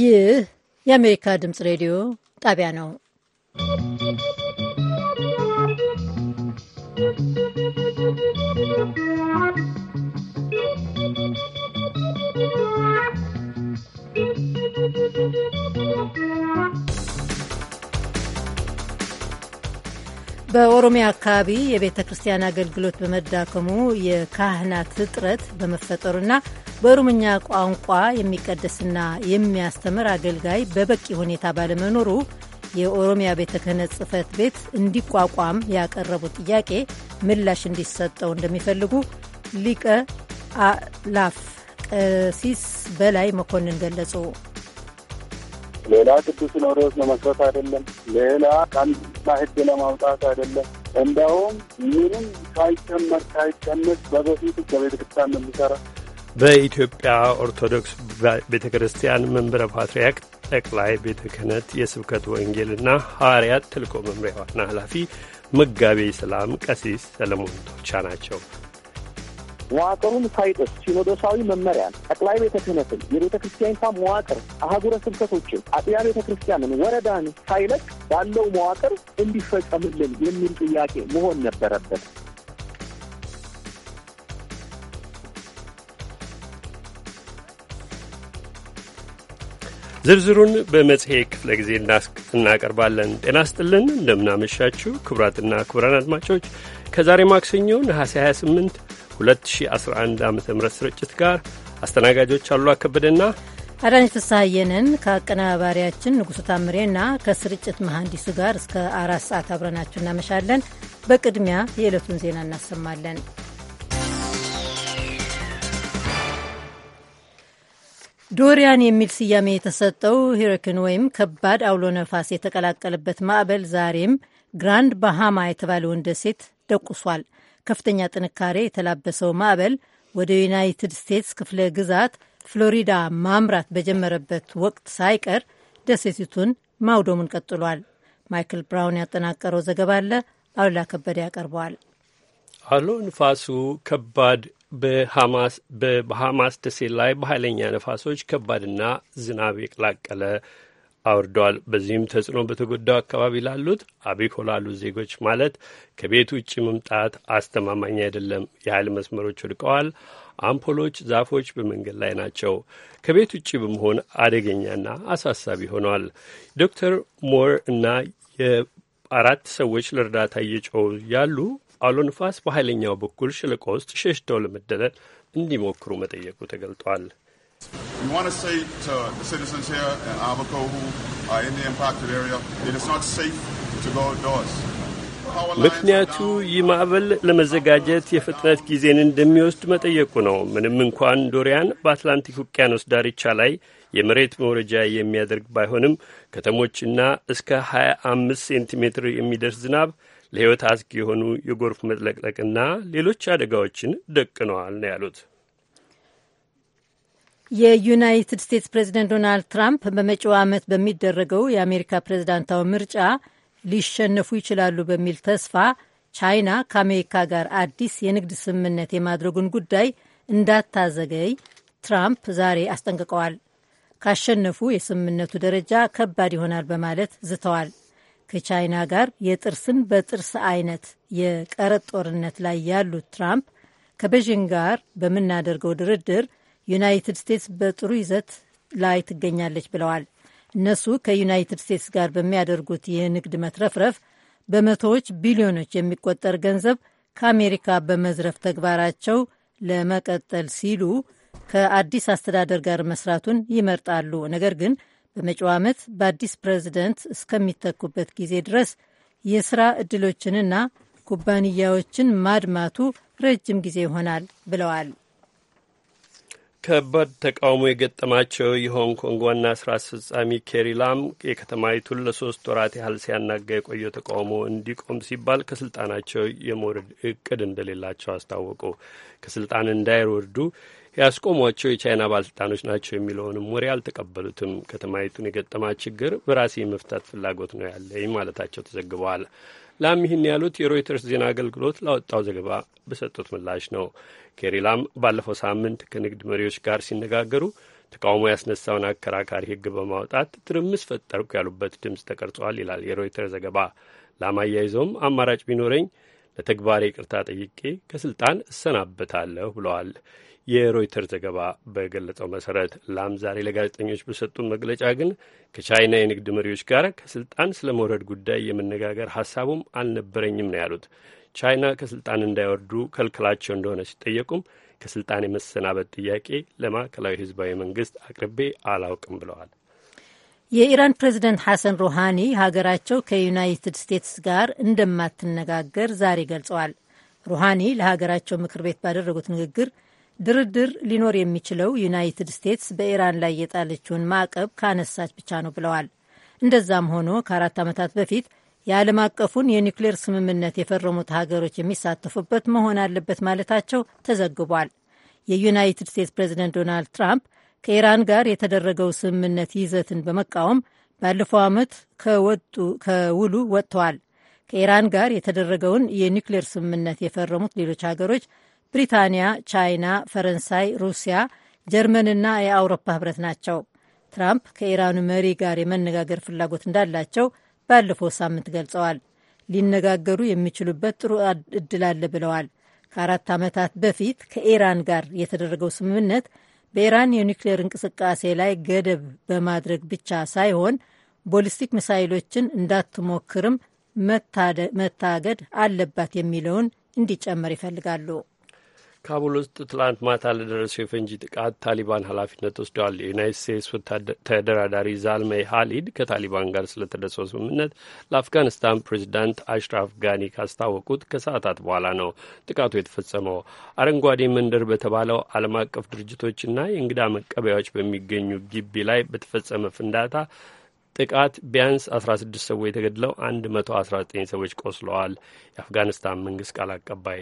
ይህ የአሜሪካ ድምፅ ሬዲዮ ጣቢያ ነው። በኦሮሚያ አካባቢ የቤተ ክርስቲያን አገልግሎት በመዳከሙ የካህናት እጥረት በመፈጠሩና በሩምኛ ቋንቋ የሚቀደስና የሚያስተምር አገልጋይ በበቂ ሁኔታ ባለመኖሩ የኦሮሚያ ቤተ ክህነት ጽህፈት ቤት እንዲቋቋም ያቀረቡት ጥያቄ ምላሽ እንዲሰጠው እንደሚፈልጉ ሊቀ አላፍ ቀሲስ በላይ መኮንን ገለጹ። ሌላ ቅዱስ ሲኖዶስ ለመስረት አይደለም፣ ሌላ ቀንና ህግ ለማውጣት አይደለም። እንደውም ምንም ሳይጨመር ሳይቀነስ በበፊት በቤተ ክርስቲያን የሚሰራ በኢትዮጵያ ኦርቶዶክስ ቤተ ክርስቲያን መንበረ ፓትርያርክ ጠቅላይ ቤተ ክህነት የስብከት ወንጌልና ሐዋርያት ተልእኮ መምሪያ ዋና ኃላፊ መጋቤ ሰላም ቀሲስ ሰለሞን ቶቻ ናቸው። መዋቅሩን ሳይጥስ ሲኖዶሳዊ መመሪያን፣ ጠቅላይ ቤተ ክህነትን፣ የቤተ ክርስቲያኒቷ መዋቅር አህጉረ ስብከቶችን፣ አጥቢያ ቤተ ክርስቲያንን፣ ወረዳን ሳይለቅ ባለው መዋቅር እንዲፈጸምልን የሚል ጥያቄ መሆን ነበረበት። ዝርዝሩን በመጽሔት ክፍለ ጊዜ እናቀርባለን። ጤና ስጥልን፣ እንደምናመሻችሁ ክቡራትና ክቡራን አድማጮች ከዛሬ ማክሰኞ ነሐሴ 28 2011 ዓ ም ስርጭት ጋር አስተናጋጆች አሉ አከበደና አዳነች ፍስሐየንን ከአቀናባሪያችን ንጉሥ ታምሬና ከስርጭት መሐንዲሱ ጋር እስከ አራት ሰዓት አብረናችሁ እናመሻለን። በቅድሚያ የዕለቱን ዜና እናሰማለን። ዶሪያን የሚል ስያሜ የተሰጠው ሂሪክን ወይም ከባድ አውሎ ነፋስ የተቀላቀለበት ማዕበል ዛሬም ግራንድ ባሃማ የተባለውን ደሴት ደቁሷል። ከፍተኛ ጥንካሬ የተላበሰው ማዕበል ወደ ዩናይትድ ስቴትስ ክፍለ ግዛት ፍሎሪዳ ማምራት በጀመረበት ወቅት ሳይቀር ደሴቲቱን ማውደሙን ቀጥሏል። ማይክል ብራውን ያጠናቀረው ዘገባ አለ አሉላ ከበደ ያቀርበዋል። አውሎ ንፋሱ ከባድ በባሃማስ ደሴት ላይ በኃይለኛ ነፋሶች ከባድና ዝናብ የቀላቀለ አውርዷል። በዚህም ተጽዕኖ በተጎዳው አካባቢ ላሉት አቢኮ ላሉ ዜጎች ማለት ከቤት ውጭ መምጣት አስተማማኝ አይደለም። የኃይል መስመሮች ወድቀዋል። አምፖሎች፣ ዛፎች በመንገድ ላይ ናቸው። ከቤት ውጭ በመሆን አደገኛና አሳሳቢ ሆኗል። ዶክተር ሞር እና የአራት ሰዎች ለእርዳታ እየጮሁ ያሉ አውሎ ንፋስ በኃይለኛው በኩል ሸለቆ ውስጥ ሸሽተው ለመደለል እንዲሞክሩ መጠየቁ ተገልጧል። uh, ምክንያቱ ይህ ማዕበል ለመዘጋጀት የፍጥነት ጊዜን እንደሚወስድ መጠየቁ ነው። ምንም እንኳን ዶሪያን በአትላንቲክ ውቅያኖስ ዳርቻ ላይ የመሬት መውረጃ የሚያደርግ ባይሆንም ከተሞችና እስከ 25 ሴንቲሜትር የሚደርስ ዝናብ ለሕይወት አስጊ የሆኑ የጎርፍ መጥለቅለቅና ሌሎች አደጋዎችን ደቅነዋል ነው ያሉት። የዩናይትድ ስቴትስ ፕሬዚደንት ዶናልድ ትራምፕ በመጪው ዓመት በሚደረገው የአሜሪካ ፕሬዝዳንታዊ ምርጫ ሊሸነፉ ይችላሉ በሚል ተስፋ ቻይና ከአሜሪካ ጋር አዲስ የንግድ ስምምነት የማድረጉን ጉዳይ እንዳታዘገይ ትራምፕ ዛሬ አስጠንቅቀዋል። ካሸነፉ የስምምነቱ ደረጃ ከባድ ይሆናል በማለት ዝተዋል። ከቻይና ጋር የጥርስን በጥርስ አይነት የቀረጥ ጦርነት ላይ ያሉት ትራምፕ ከቤዥንግ ጋር በምናደርገው ድርድር ዩናይትድ ስቴትስ በጥሩ ይዘት ላይ ትገኛለች ብለዋል። እነሱ ከዩናይትድ ስቴትስ ጋር በሚያደርጉት የንግድ መትረፍረፍ በመቶዎች ቢሊዮኖች የሚቆጠር ገንዘብ ከአሜሪካ በመዝረፍ ተግባራቸው ለመቀጠል ሲሉ ከአዲስ አስተዳደር ጋር መስራቱን ይመርጣሉ። ነገር ግን በመጪው ዓመት በአዲስ ፕሬዝደንት እስከሚተኩበት ጊዜ ድረስ የስራ ዕድሎችንና ኩባንያዎችን ማድማቱ ረጅም ጊዜ ይሆናል ብለዋል። ከባድ ተቃውሞ የገጠማቸው የሆንግ ኮንግ ዋና ስራ አስፈጻሚ ኬሪ ላም የከተማይቱን ለሶስት ወራት ያህል ሲያናጋ የቆየው ተቃውሞ እንዲቆም ሲባል ከስልጣናቸው የመውረድ እቅድ እንደሌላቸው አስታወቁ። ከስልጣን እንዳይወርዱ ያስቆሟቸው የቻይና ባለስልጣኖች ናቸው የሚለውንም ወሬ አልተቀበሉትም። ከተማይቱን የገጠማት ችግር በራሴ የመፍታት ፍላጎት ነው ያለኝ ማለታቸው ተዘግበዋል። ላም ይህን ያሉት የሮይተርስ ዜና አገልግሎት ላወጣው ዘገባ በሰጡት ምላሽ ነው። ኬሪ ላም ባለፈው ሳምንት ከንግድ መሪዎች ጋር ሲነጋገሩ ተቃውሞ ያስነሳውን አከራካሪ ሕግ በማውጣት ትርምስ ፈጠርኩ ያሉበት ድምፅ ተቀርጿል ይላል የሮይተር ዘገባ። ላም አያይዘውም አማራጭ ቢኖረኝ ለተግባሬ ይቅርታ ጠይቄ ከስልጣን እሰናበታለሁ ብለዋል። የሮይተር ዘገባ በገለጸው መሰረት ላም ዛሬ ለጋዜጠኞች በሰጡን መግለጫ ግን ከቻይና የንግድ መሪዎች ጋር ከስልጣን ስለ መውረድ ጉዳይ የመነጋገር ሀሳቡም አልነበረኝም ነው ያሉት። ቻይና ከስልጣን እንዳይወርዱ ከልክላቸው እንደሆነ ሲጠየቁም ከስልጣን የመሰናበት ጥያቄ ለማዕከላዊ ህዝባዊ መንግስት አቅርቤ አላውቅም ብለዋል። የኢራን ፕሬዚደንት ሐሰን ሩሃኒ ሀገራቸው ከዩናይትድ ስቴትስ ጋር እንደማትነጋገር ዛሬ ገልጸዋል። ሩሃኒ ለሀገራቸው ምክር ቤት ባደረጉት ንግግር ድርድር ሊኖር የሚችለው ዩናይትድ ስቴትስ በኢራን ላይ የጣለችውን ማዕቀብ ካነሳች ብቻ ነው ብለዋል። እንደዛም ሆኖ ከአራት ዓመታት በፊት የዓለም አቀፉን የኒውክሌር ስምምነት የፈረሙት ሀገሮች የሚሳተፉበት መሆን አለበት ማለታቸው ተዘግቧል። የዩናይትድ ስቴትስ ፕሬዚደንት ዶናልድ ትራምፕ ከኢራን ጋር የተደረገው ስምምነት ይዘትን በመቃወም ባለፈው ዓመት ከውሉ ወጥተዋል። ከኢራን ጋር የተደረገውን የኒውክሌር ስምምነት የፈረሙት ሌሎች ሀገሮች ብሪታንያ፣ ቻይና፣ ፈረንሳይ፣ ሩሲያ፣ ጀርመንና የአውሮፓ ህብረት ናቸው። ትራምፕ ከኢራኑ መሪ ጋር የመነጋገር ፍላጎት እንዳላቸው ባለፈው ሳምንት ገልጸዋል። ሊነጋገሩ የሚችሉበት ጥሩ እድል አለ ብለዋል። ከአራት ዓመታት በፊት ከኢራን ጋር የተደረገው ስምምነት በኢራን የኒውክሌር እንቅስቃሴ ላይ ገደብ በማድረግ ብቻ ሳይሆን ቦሊስቲክ ሚሳይሎችን እንዳትሞክርም መታገድ አለባት የሚለውን እንዲጨመር ይፈልጋሉ። ካቡል ውስጥ ትላንት ማታ ለደረሰው የፈንጂ ጥቃት ታሊባን ኃላፊነት ወስደዋል። የዩናይት ስቴትስ ተደራዳሪ ዛልመይ ሀሊድ ከታሊባን ጋር ስለተደረሰው ስምምነት ለአፍጋኒስታን ፕሬዚዳንት አሽራፍ ጋኒ ካስታወቁት ከሰዓታት በኋላ ነው ጥቃቱ የተፈጸመው። አረንጓዴ መንደር በተባለው ዓለም አቀፍ ድርጅቶችና የእንግዳ መቀበያዎች በሚገኙ ግቢ ላይ በተፈጸመ ፍንዳታ ጥቃት ቢያንስ 16 ሰዎች የተገድለው 119 ሰዎች ቆስለዋል። የአፍጋኒስታን መንግስት ቃል አቀባይ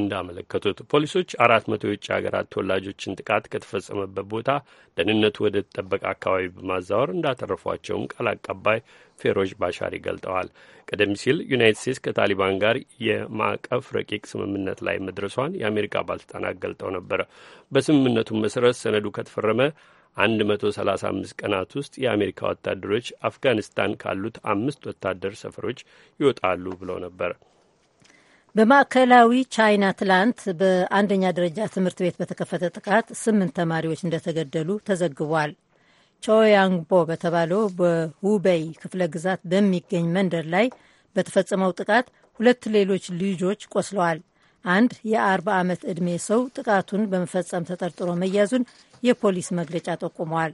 እንዳመለከቱት ፖሊሶች አራት መቶ የውጭ ሀገራት ተወላጆችን ጥቃት ከተፈጸመበት ቦታ ደህንነቱ ወደ ተጠበቀ አካባቢ በማዛወር እንዳተረፏቸውም ቃል አቀባይ ፌሮዥ ባሻሪ ገልጠዋል። ቀደም ሲል ዩናይትድ ስቴትስ ከታሊባን ጋር የማዕቀፍ ረቂቅ ስምምነት ላይ መድረሷን የአሜሪካ ባለስልጣናት ገልጠው ነበር። በስምምነቱ መሰረት ሰነዱ ከተፈረመ 135 ቀናት ውስጥ የአሜሪካ ወታደሮች አፍጋኒስታን ካሉት አምስት ወታደር ሰፈሮች ይወጣሉ ብለው ነበር። በማዕከላዊ ቻይና ትላንት በአንደኛ ደረጃ ትምህርት ቤት በተከፈተ ጥቃት ስምንት ተማሪዎች እንደተገደሉ ተዘግቧል። ቾያንግቦ በተባለው በሁበይ ክፍለ ግዛት በሚገኝ መንደር ላይ በተፈጸመው ጥቃት ሁለት ሌሎች ልጆች ቆስለዋል። አንድ የአርባ ዓመት ዕድሜ ሰው ጥቃቱን በመፈጸም ተጠርጥሮ መያዙን የፖሊስ መግለጫ ጠቁመዋል።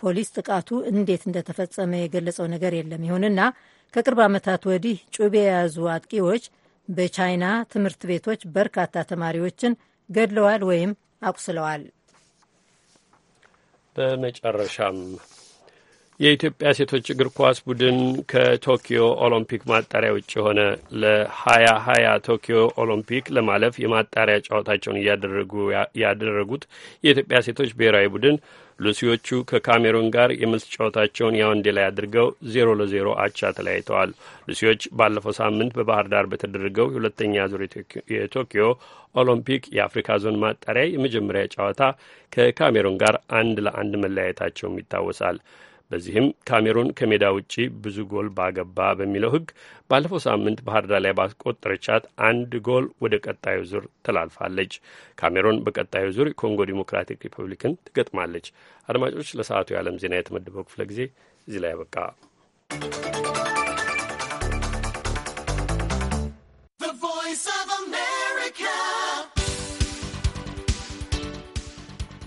ፖሊስ ጥቃቱ እንዴት እንደተፈጸመ የገለጸው ነገር የለም። ይሁንና ከቅርብ ዓመታት ወዲህ ጩቤ የያዙ አጥቂዎች በቻይና ትምህርት ቤቶች በርካታ ተማሪዎችን ገድለዋል ወይም አቁስለዋል። በመጨረሻም የኢትዮጵያ ሴቶች እግር ኳስ ቡድን ከቶኪዮ ኦሎምፒክ ማጣሪያ ውጭ የሆነ ለሀያ ሀያ ቶኪዮ ኦሎምፒክ ለማለፍ የማጣሪያ ጨዋታቸውን እያደረጉ ያደረጉት የኢትዮጵያ ሴቶች ብሔራዊ ቡድን ሉሲዎቹ ከካሜሩን ጋር የመልስ ጨዋታቸውን ያውንዴ ላይ አድርገው ዜሮ ለዜሮ አቻ ተለያይተዋል። ሉሲዎች ባለፈው ሳምንት በባህር ዳር በተደረገው ሁለተኛ ዙር የቶኪዮ ኦሎምፒክ የአፍሪካ ዞን ማጣሪያ የመጀመሪያ ጨዋታ ከካሜሩን ጋር አንድ ለአንድ መለያየታቸውም ይታወሳል። በዚህም ካሜሩን ከሜዳ ውጪ ብዙ ጎል ባገባ በሚለው ሕግ ባለፈው ሳምንት ባህርዳር ላይ ባስቆጠረቻት አንድ ጎል ወደ ቀጣዩ ዙር ተላልፋለች። ካሜሩን በቀጣዩ ዙር የኮንጎ ዲሞክራቲክ ሪፐብሊክን ትገጥማለች። አድማጮች፣ ለሰዓቱ የዓለም ዜና የተመደበው ክፍለ ጊዜ እዚህ ላይ ያበቃ።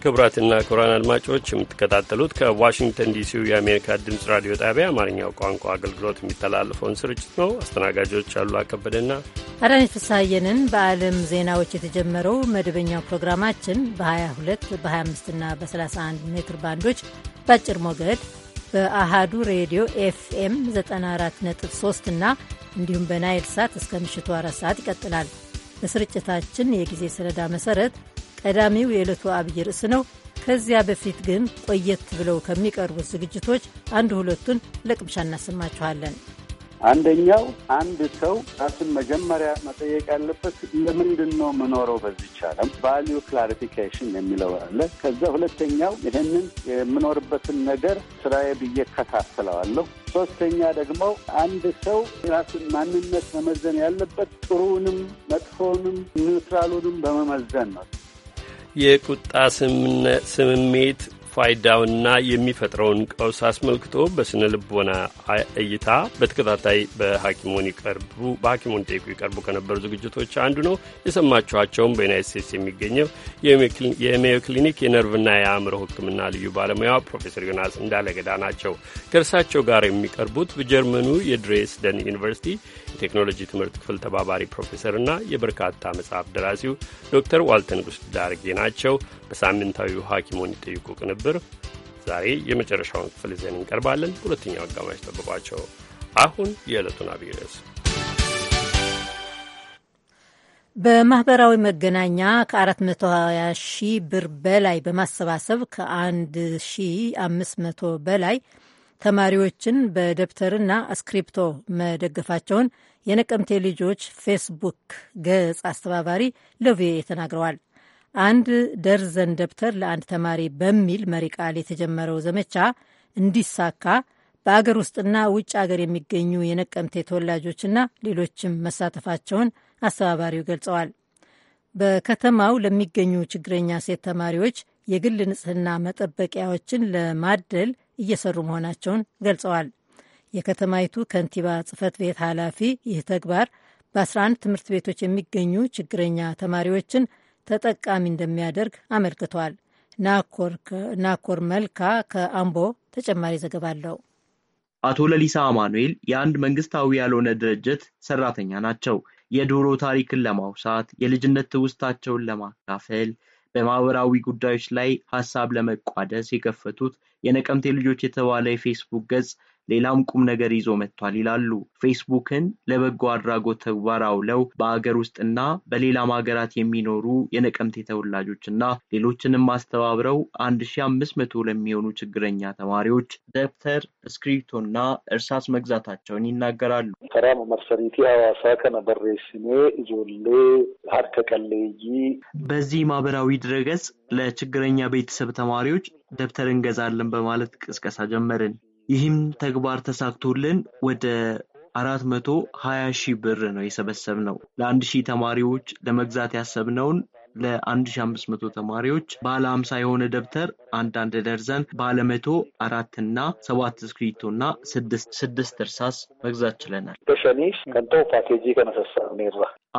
ክቡራትና ክቡራን አድማጮች የምትከታተሉት ከዋሽንግተን ዲሲው የአሜሪካ ድምፅ ራዲዮ ጣቢያ አማርኛው ቋንቋ አገልግሎት የሚተላለፈውን ስርጭት ነው። አስተናጋጆች አሉ አከበደና አዳነች ፍስሐየንን። በዓለም ዜናዎች የተጀመረው መደበኛው ፕሮግራማችን በ22 25 እና በ31 ሜትር ባንዶች በአጭር ሞገድ በአሃዱ ሬዲዮ ኤፍኤም 94.3 እና እንዲሁም በናይል ሳት እስከ ምሽቱ አራት ሰዓት ይቀጥላል። በስርጭታችን የጊዜ ሰሌዳ መሰረት ቀዳሚው የዕለቱ አብይ ርዕስ ነው። ከዚያ በፊት ግን ቆየት ብለው ከሚቀርቡት ዝግጅቶች አንድ ሁለቱን ለቅምሻ እናሰማችኋለን። አንደኛው አንድ ሰው ራሱን መጀመሪያ መጠየቅ ያለበት ለምንድን ነው የምኖረው በዚች ዓለም ቫሊዩ ክላሪፊኬሽን የሚለው አለ። ከዛ ሁለተኛው ይህንን የምኖርበትን ነገር ስራዬ ብዬ እከታተለዋለሁ። ሶስተኛ ደግሞ አንድ ሰው ራሱን ማንነት መመዘን ያለበት ጥሩውንም መጥፎውንም ኒውትራሉንም በመመዘን ነው። የቁጣ ስምሜት ፋይዳውና የሚፈጥረውን ቀውስ አስመልክቶ በስነ ልቦና እይታ በተከታታይ በሐኪሙን ይቀርቡ በሐኪሙን ጤቁ ይቀርቡ ከነበሩ ዝግጅቶች አንዱ ነው። የሰማችኋቸውም በዩናይት ስቴትስ የሚገኘው የሜዮ ክሊኒክ የነርቭና የአእምሮ ሕክምና ልዩ ባለሙያ ፕሮፌሰር ዮናስ እንዳለገዳ ናቸው። ከእርሳቸው ጋር የሚቀርቡት በጀርመኑ የድሬስደን ዩኒቨርሲቲ የቴክኖሎጂ ትምህርት ክፍል ተባባሪ ፕሮፌሰርና የበርካታ መጽሐፍ ደራሲው ዶክተር ዋልተ ንጉሥ ዳርጌ ናቸው። በሳምንታዊው ሐኪሞን ይጠይቁ ቅንብር ዛሬ የመጨረሻውን ክፍል ይዘን እንቀርባለን። ሁለተኛው አጋማሽ ጠብቋቸው። አሁን የዕለቱን አብይ ርዕስ በማህበራዊ መገናኛ ከ420 ሺህ ብር በላይ በማሰባሰብ ከ1500 በላይ ተማሪዎችን በደብተርና እስክሪብቶ መደገፋቸውን የነቀምቴ ልጆች ፌስቡክ ገጽ አስተባባሪ ለቪኦኤ ተናግረዋል። አንድ ደርዘን ደብተር ለአንድ ተማሪ በሚል መሪ ቃል የተጀመረው ዘመቻ እንዲሳካ በአገር ውስጥና ውጭ አገር የሚገኙ የነቀምቴ ተወላጆችና ሌሎችም መሳተፋቸውን አስተባባሪው ገልጸዋል። በከተማው ለሚገኙ ችግረኛ ሴት ተማሪዎች የግል ንጽህና መጠበቂያዎችን ለማደል እየሰሩ መሆናቸውን ገልጸዋል። የከተማይቱ ከንቲባ ጽህፈት ቤት ኃላፊ ይህ ተግባር በ11 ትምህርት ቤቶች የሚገኙ ችግረኛ ተማሪዎችን ተጠቃሚ እንደሚያደርግ አመልክቷል። ናኮር መልካ ከአምቦ ተጨማሪ ዘገባ አለው። አቶ ለሊሳ አማኑኤል የአንድ መንግስታዊ ያልሆነ ድርጅት ሰራተኛ ናቸው። የድሮ ታሪክን ለማውሳት የልጅነት ትውስታቸውን ለማካፈል በማህበራዊ ጉዳዮች ላይ ሀሳብ ለመቋደስ የከፈቱት የነቀምቴ ልጆች የተባለ የፌስቡክ ገጽ ሌላም ቁም ነገር ይዞ መጥቷል ይላሉ። ፌስቡክን ለበጎ አድራጎት ተግባር አውለው በአገር ውስጥና በሌላም ሀገራት የሚኖሩ የነቀምቴ ተወላጆችና ሌሎችንም አስተባብረው 1500 ለሚሆኑ ችግረኛ ተማሪዎች ደብተር፣ እስክሪብቶና እርሳስ መግዛታቸውን ይናገራሉ። ከራም መርሰሪቲ ሀዋሳ ከነበሬስኔ ጆሌ ሀርከቀሌይ በዚህ ማህበራዊ ድረገጽ ለችግረኛ ቤተሰብ ተማሪዎች ደብተር እንገዛለን በማለት ቅስቀሳ ጀመርን። ይህም ተግባር ተሳክቶልን ወደ አራት መቶ ሀያ ሺህ ብር ነው የሰበሰብነው። ለአንድ ሺህ ተማሪዎች ለመግዛት ያሰብነውን ለአንድ ሺህ አምስት መቶ ተማሪዎች ባለ ሀምሳ የሆነ ደብተር አንዳንድ ደርዘን ባለ መቶ አራት ሰባት እስክሪብቶ እና ስድስት ስድስት እርሳስ መግዛት ችለናል።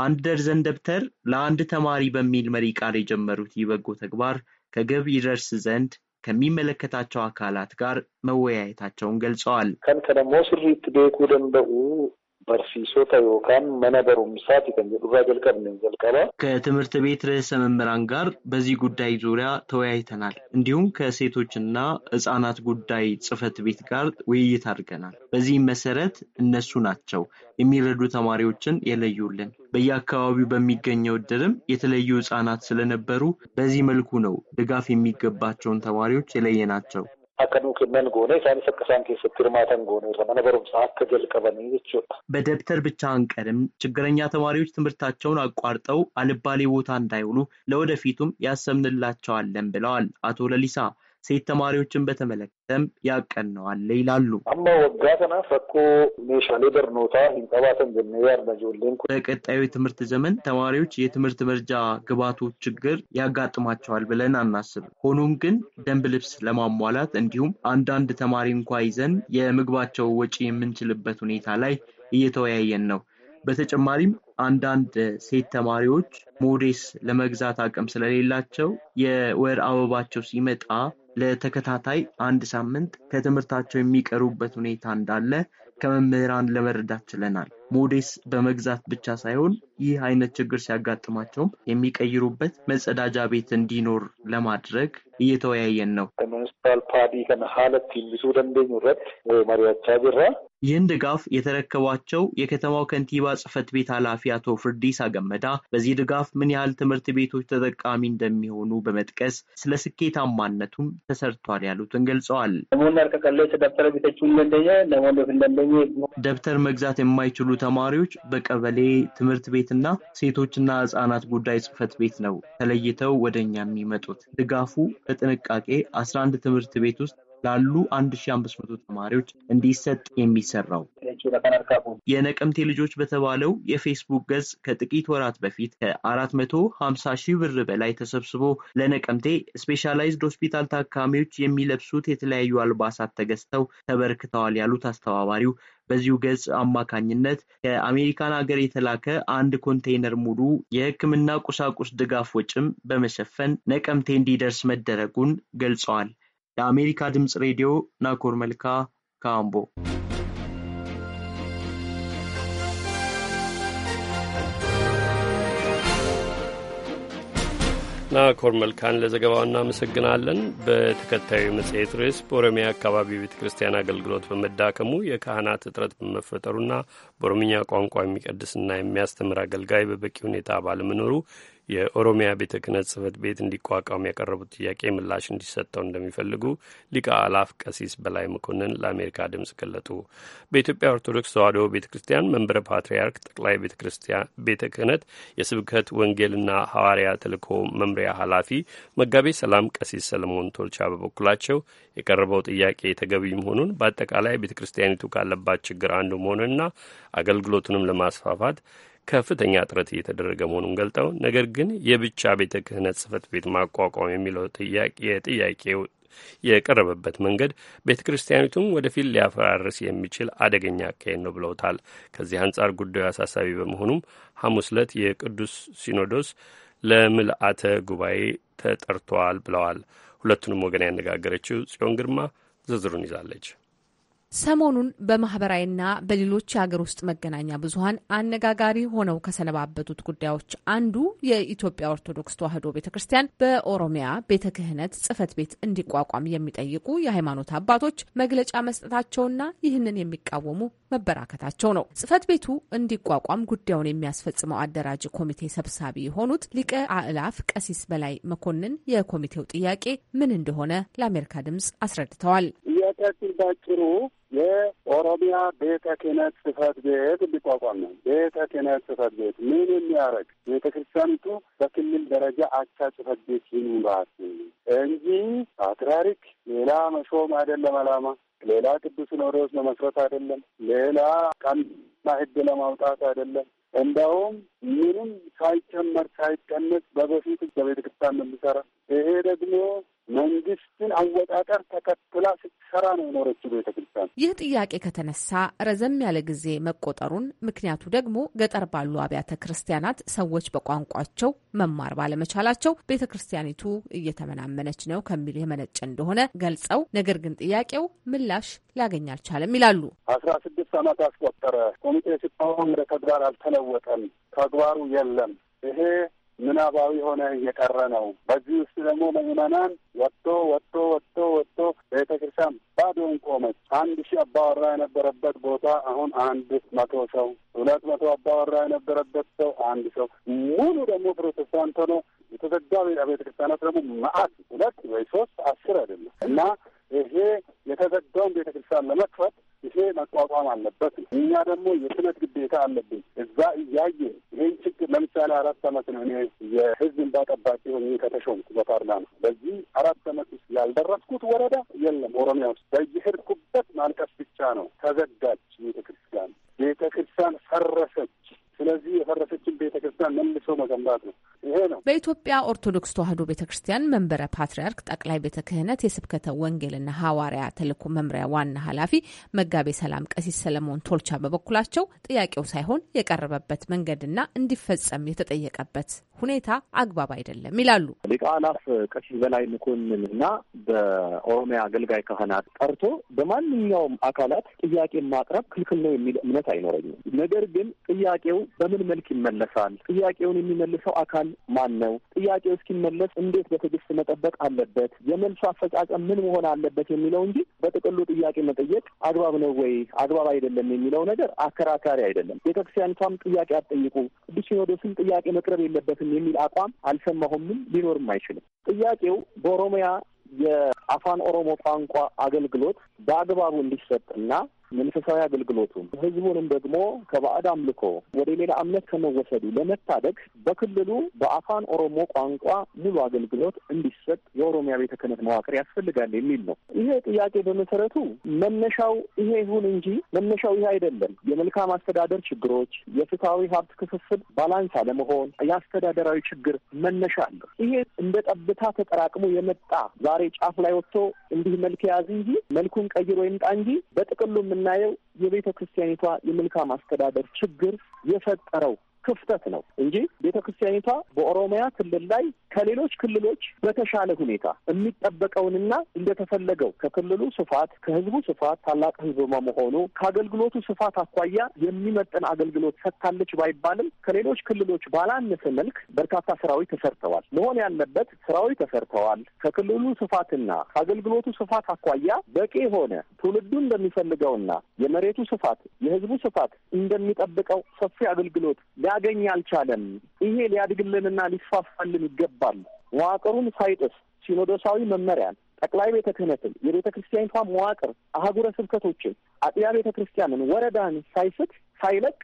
አንድ ደርዘን ደብተር ለአንድ ተማሪ በሚል መሪ ቃል የጀመሩት ይህ በጎ ተግባር ከግብ ይደርስ ዘንድ ከሚመለከታቸው አካላት ጋር መወያየታቸውን ገልጸዋል። barsiisota yookaan mana barumsaati kan jedhurraa jalqabneen jalqaba. ከትምህርት ቤት ርዕሰ መምህራን ጋር በዚህ ጉዳይ ዙሪያ ተወያይተናል። እንዲሁም ከሴቶችና ህጻናት ጉዳይ ጽህፈት ቤት ጋር ውይይት አድርገናል። በዚህም መሰረት እነሱ ናቸው የሚረዱ ተማሪዎችን የለዩልን። በየአካባቢው በሚገኘው ዕድርም የተለዩ ህጻናት ስለነበሩ በዚህ መልኩ ነው ድጋፍ የሚገባቸውን ተማሪዎች የለየናቸው። akka nuu kennan goone isaanis akka isaan keessatti hirmaatan goone irra Mana barumsaa akka jalqabanii jechuudha. በደብተር ብቻ አንቀርም፣ ችግረኛ ተማሪዎች ትምህርታቸውን አቋርጠው አልባሌ ቦታ እንዳይውሉ ለወደፊቱም ያሰብንላቸዋለን ብለዋል አቶ ለሊሳ። ሴት ተማሪዎችን በተመለከተም ያቀነዋል ይላሉ። በቀጣዩ የትምህርት ዘመን ተማሪዎች የትምህርት መርጃ ግባቱ ችግር ያጋጥማቸዋል ብለን አናስብም። ሆኖም ግን ደንብ ልብስ ለማሟላት እንዲሁም አንዳንድ ተማሪ እንኳ ይዘን የምግባቸው ወጪ የምንችልበት ሁኔታ ላይ እየተወያየን ነው። በተጨማሪም አንዳንድ ሴት ተማሪዎች ሞዴስ ለመግዛት አቅም ስለሌላቸው የወር አበባቸው ሲመጣ ለተከታታይ አንድ ሳምንት ከትምህርታቸው የሚቀሩበት ሁኔታ እንዳለ ከመምህራን ለመረዳት ችለናል። ሞዴስ በመግዛት ብቻ ሳይሆን ይህ አይነት ችግር ሲያጋጥማቸውም የሚቀይሩበት መጸዳጃ ቤት እንዲኖር ለማድረግ እየተወያየን ነው። ይህን ድጋፍ የተረከቧቸው የከተማው ከንቲባ ጽህፈት ቤት ኃላፊ አቶ ፍርዲስ አገመዳ በዚህ ድጋፍ ምን ያህል ትምህርት ቤቶች ተጠቃሚ እንደሚሆኑ በመጥቀስ ስለ ስኬታማነቱም ተሰርቷል ያሉትን ገልጸዋል። ደብተር መግዛት የማይችሉ ተማሪዎች በቀበሌ ትምህርት ቤትና ሴቶችና ህጻናት ጉዳይ ጽህፈት ቤት ነው ተለይተው ወደኛ የሚመጡት። ድጋፉ በጥንቃቄ 11 ትምህርት ቤት ውስጥ ላሉ 1500 ተማሪዎች እንዲሰጥ የሚሰራው የነቀምቴ ልጆች በተባለው የፌስቡክ ገጽ ከጥቂት ወራት በፊት ከ450 ሺህ ብር በላይ ተሰብስቦ ለነቀምቴ ስፔሻላይዝድ ሆስፒታል ታካሚዎች የሚለብሱት የተለያዩ አልባሳት ተገዝተው ተበርክተዋል ያሉት አስተባባሪው በዚሁ ገጽ አማካኝነት ከአሜሪካን ሀገር የተላከ አንድ ኮንቴይነር ሙሉ የሕክምና ቁሳቁስ ድጋፍ ወጪም በመሸፈን ነቀምቴ እንዲደርስ መደረጉን ገልጸዋል። ለአሜሪካ ድምፅ ሬዲዮ ናኮር መልካ ካምቦ ኮር መልካን ለዘገባው እናመሰግናለን። በተከታዩ መጽሔት ርዕስ በኦሮሚያ አካባቢ ቤተ ክርስቲያን አገልግሎት በመዳከሙ የካህናት እጥረት በመፈጠሩና በኦሮምኛ ቋንቋ የሚቀድስና የሚያስተምር አገልጋይ በበቂ ሁኔታ ባለመኖሩ የኦሮሚያ ቤተ ክህነት ጽህፈት ቤት እንዲቋቋም ያቀረቡት ጥያቄ ምላሽ እንዲሰጠው እንደሚፈልጉ ሊቀ አላፍ ቀሲስ በላይ መኮንን ለአሜሪካ ድምፅ ገለጡ። በኢትዮጵያ ኦርቶዶክስ ተዋሕዶ ቤተ ክርስቲያን መንበረ ፓትርያርክ ጠቅላይ ቤተ ክርስቲያን ቤተ ክህነት የስብከት ወንጌልና ሐዋርያ ተልእኮ መምሪያ ኃላፊ መጋቤ ሰላም ቀሲስ ሰለሞን ቶልቻ በበኩላቸው የቀረበው ጥያቄ ተገቢ መሆኑን በአጠቃላይ ቤተ ክርስቲያኒቱ ካለባት ችግር አንዱ መሆኑንና አገልግሎቱንም ለማስፋፋት ከፍተኛ ጥረት እየተደረገ መሆኑን ገልጠው ነገር ግን የብቻ ቤተ ክህነት ጽህፈት ቤት ማቋቋም የሚለው የጥያቄው የቀረበበት መንገድ ቤተ ክርስቲያኒቱም ወደፊት ሊያፈራርስ የሚችል አደገኛ አካሄድ ነው ብለውታል። ከዚህ አንጻር ጉዳዩ አሳሳቢ በመሆኑም ሐሙስ ዕለት የቅዱስ ሲኖዶስ ለምልአተ ጉባኤ ተጠርቷል ብለዋል። ሁለቱንም ወገን ያነጋገረችው ጽዮን ግርማ ዝርዝሩን ይዛለች። ሰሞኑን በማህበራዊና በሌሎች የሀገር ውስጥ መገናኛ ብዙኃን አነጋጋሪ ሆነው ከሰነባበቱት ጉዳዮች አንዱ የኢትዮጵያ ኦርቶዶክስ ተዋሕዶ ቤተ ክርስቲያን በኦሮሚያ ቤተ ክህነት ጽሕፈት ቤት እንዲቋቋም የሚጠይቁ የሃይማኖት አባቶች መግለጫ መስጠታቸውና ይህንን የሚቃወሙ መበራከታቸው ነው። ጽሕፈት ቤቱ እንዲቋቋም ጉዳዩን የሚያስፈጽመው አደራጅ ኮሚቴ ሰብሳቢ የሆኑት ሊቀ አእላፍ ቀሲስ በላይ መኮንን የኮሚቴው ጥያቄ ምን እንደሆነ ለአሜሪካ ድምጽ አስረድተዋል። ጥያቄያችን ባጭሩ የኦሮሚያ ቤተ ክህነት ጽህፈት ቤት እንዲቋቋም ነው። ቤተ ክህነት ጽህፈት ቤት ምን የሚያደርግ ቤተ ክርስቲያኒቱ በክልል ደረጃ አቻ ጽህፈት ቤት ይኑራት እንጂ ፓትርያርክ ሌላ መሾም አይደለም አላማ ሌላ ቅዱስ ኦሪዎስ ለመስረት አይደለም። ሌላ ቀንና ህግ ለማውጣት አይደለም። እንደውም ምንም ሳይጨመር ሳይቀነስ በበፊት በቤተ ክርስቲያን የሚሰራ ይሄ ደግሞ መንግስትን አወጣጠር ተከትላ ስትሰራ ነው የኖረችው ቤተ ክርስቲያን። ይህ ጥያቄ ከተነሳ ረዘም ያለ ጊዜ መቆጠሩን፣ ምክንያቱ ደግሞ ገጠር ባሉ አብያተ ክርስቲያናት ሰዎች በቋንቋቸው መማር ባለመቻላቸው ቤተ ክርስቲያኒቱ እየተመናመነች ነው ከሚል የመነጨ እንደሆነ ገልጸው፣ ነገር ግን ጥያቄው ምላሽ ሊያገኝ አልቻለም ይላሉ። አስራ ስድስት አመት አስቆጠረ። ኮሚቴ ሲታወም ወደ ተግባር አልተለወጠም። ተግባሩ የለም ይሄ ምናባዊ ሆነ እየቀረ ነው። በዚህ ውስጥ ደግሞ ምዕመናን ወጥቶ ወጥቶ ወጥቶ ወጥቶ ቤተ ክርስቲያን ባዶን ቆመች። አንድ ሺህ አባወራ የነበረበት ቦታ አሁን አንድ መቶ ሰው፣ ሁለት መቶ አባወራ የነበረበት ሰው አንድ ሰው ሙሉ ደግሞ ፕሮቴስታንት ሆኖ የተዘጋ ቤተ ክርስቲያናት ደግሞ መአት ሁለት ወይ ሶስት አስር አይደለም እና ይሄ የተዘጋውን ቤተ ክርስቲያን ለመክፈት ይሄ መቋቋም አለበት። እኛ ደግሞ የስነት ግዴታ አለብን። እዛ እያየ ይህን ችግር ለምሳሌ አራት አመት ነው እኔ የህዝብ እንባ ጠባቂ ሆኜ ከተሾምኩ በፓርላማ። በዚህ አራት አመት ውስጥ ያልደረስኩት ወረዳ የለም ኦሮሚያ ውስጥ። በየሄድኩበት ማልቀስ ብቻ ነው። ተዘጋጅ በኢትዮጵያ ኦርቶዶክስ ተዋሕዶ ቤተ ክርስቲያን መንበረ ፓትርያርክ ጠቅላይ ቤተ ክህነት የስብከተ ወንጌልና ሐዋርያ ተልእኮ መምሪያ ዋና ኃላፊ መጋቤ ሰላም ቀሲስ ሰለሞን ቶልቻ በበኩላቸው ጥያቄው ሳይሆን የቀረበበት መንገድና እንዲፈጸም የተጠየቀበት ሁኔታ አግባብ አይደለም ይላሉ። ሊቃላፍ ቀሲስ በላይ መኮንን በኦሮሚያ አገልጋይ ካህናት ጠርቶ በማንኛውም አካላት ጥያቄ ማቅረብ ክልክል ነው የሚል እምነት አይኖረኝም። ነገር ግን ጥያቄው በምን መልክ ይመለሳል? ጥያቄውን የሚመልሰው አካል ማን ማን ነው? ጥያቄው እስኪመለስ እንዴት በትዕግስት መጠበቅ አለበት? የመልሱ አፈጻጸም ምን መሆን አለበት የሚለው እንጂ በጥቅሉ ጥያቄ መጠየቅ አግባብ ነው ወይ አግባብ አይደለም የሚለው ነገር አከራካሪ አይደለም። ቤተክርስቲያኒቷም ጥያቄ አትጠይቁ፣ ቅዱስ ሲኖዶስም ጥያቄ መቅረብ የለበትም የሚል አቋም አልሰማሁምም፣ ሊኖርም አይችልም። ጥያቄው በኦሮሚያ የአፋን ኦሮሞ ቋንቋ አገልግሎት በአግባቡ እንዲሰጥና መንፈሳዊ አገልግሎቱን ህዝቡንም ደግሞ ከባዕድ አምልኮ ወደ ሌላ እምነት ከመወሰዱ ለመታደግ በክልሉ በአፋን ኦሮሞ ቋንቋ ሙሉ አገልግሎት እንዲሰጥ የኦሮሚያ ቤተ ክህነት መዋቅር ያስፈልጋል የሚል ነው። ይሄ ጥያቄ በመሰረቱ መነሻው ይሄ ይሁን እንጂ መነሻው ይሄ አይደለም። የመልካም አስተዳደር ችግሮች፣ የፍትሐዊ ሀብት ክፍፍል ባላንስ አለመሆን፣ የአስተዳደራዊ ችግር መነሻ አለው። ይሄ እንደ ጠብታ ተጠራቅሞ የመጣ ዛሬ ጫፍ ላይ ወጥቶ እንዲህ መልክ የያዝ እንጂ መልኩን ቀይሮ ይምጣ እንጂ በጥቅሉ የምናየው የቤተ ክርስቲያኒቷ የመልካም አስተዳደር ችግር የፈጠረው ክፍተት ነው እንጂ ቤተ ክርስቲያኒቷ በኦሮሚያ ክልል ላይ ከሌሎች ክልሎች በተሻለ ሁኔታ የሚጠበቀውንና እንደተፈለገው ከክልሉ ስፋት፣ ከህዝቡ ስፋት ታላቅ ህዝብ መሆኑ ከአገልግሎቱ ስፋት አኳያ የሚመጥን አገልግሎት ሰጥታለች ባይባልም ከሌሎች ክልሎች ባላነሰ መልክ በርካታ ስራዎች ተሰርተዋል። መሆን ያለበት ስራዎች ተሰርተዋል። ከክልሉ ስፋትና ከአገልግሎቱ ስፋት አኳያ በቂ የሆነ ትውልዱ እንደሚፈልገውና የመሬቱ ስፋት የህዝቡ ስፋት እንደሚጠብቀው ሰፊ አገልግሎት ሊያገኝ አልቻለም። ይሄ ሊያድግልንና ሊስፋፋልን ይገባል። መዋቅሩን ሳይጥስ ሲኖዶሳዊ መመሪያን፣ ጠቅላይ ቤተ ክህነትን፣ የቤተ ክርስቲያኒቷ መዋቅር አህጉረ ስብከቶችን፣ አጥቢያ ቤተ ክርስቲያንን፣ ወረዳን ሳይስት ሳይለቅ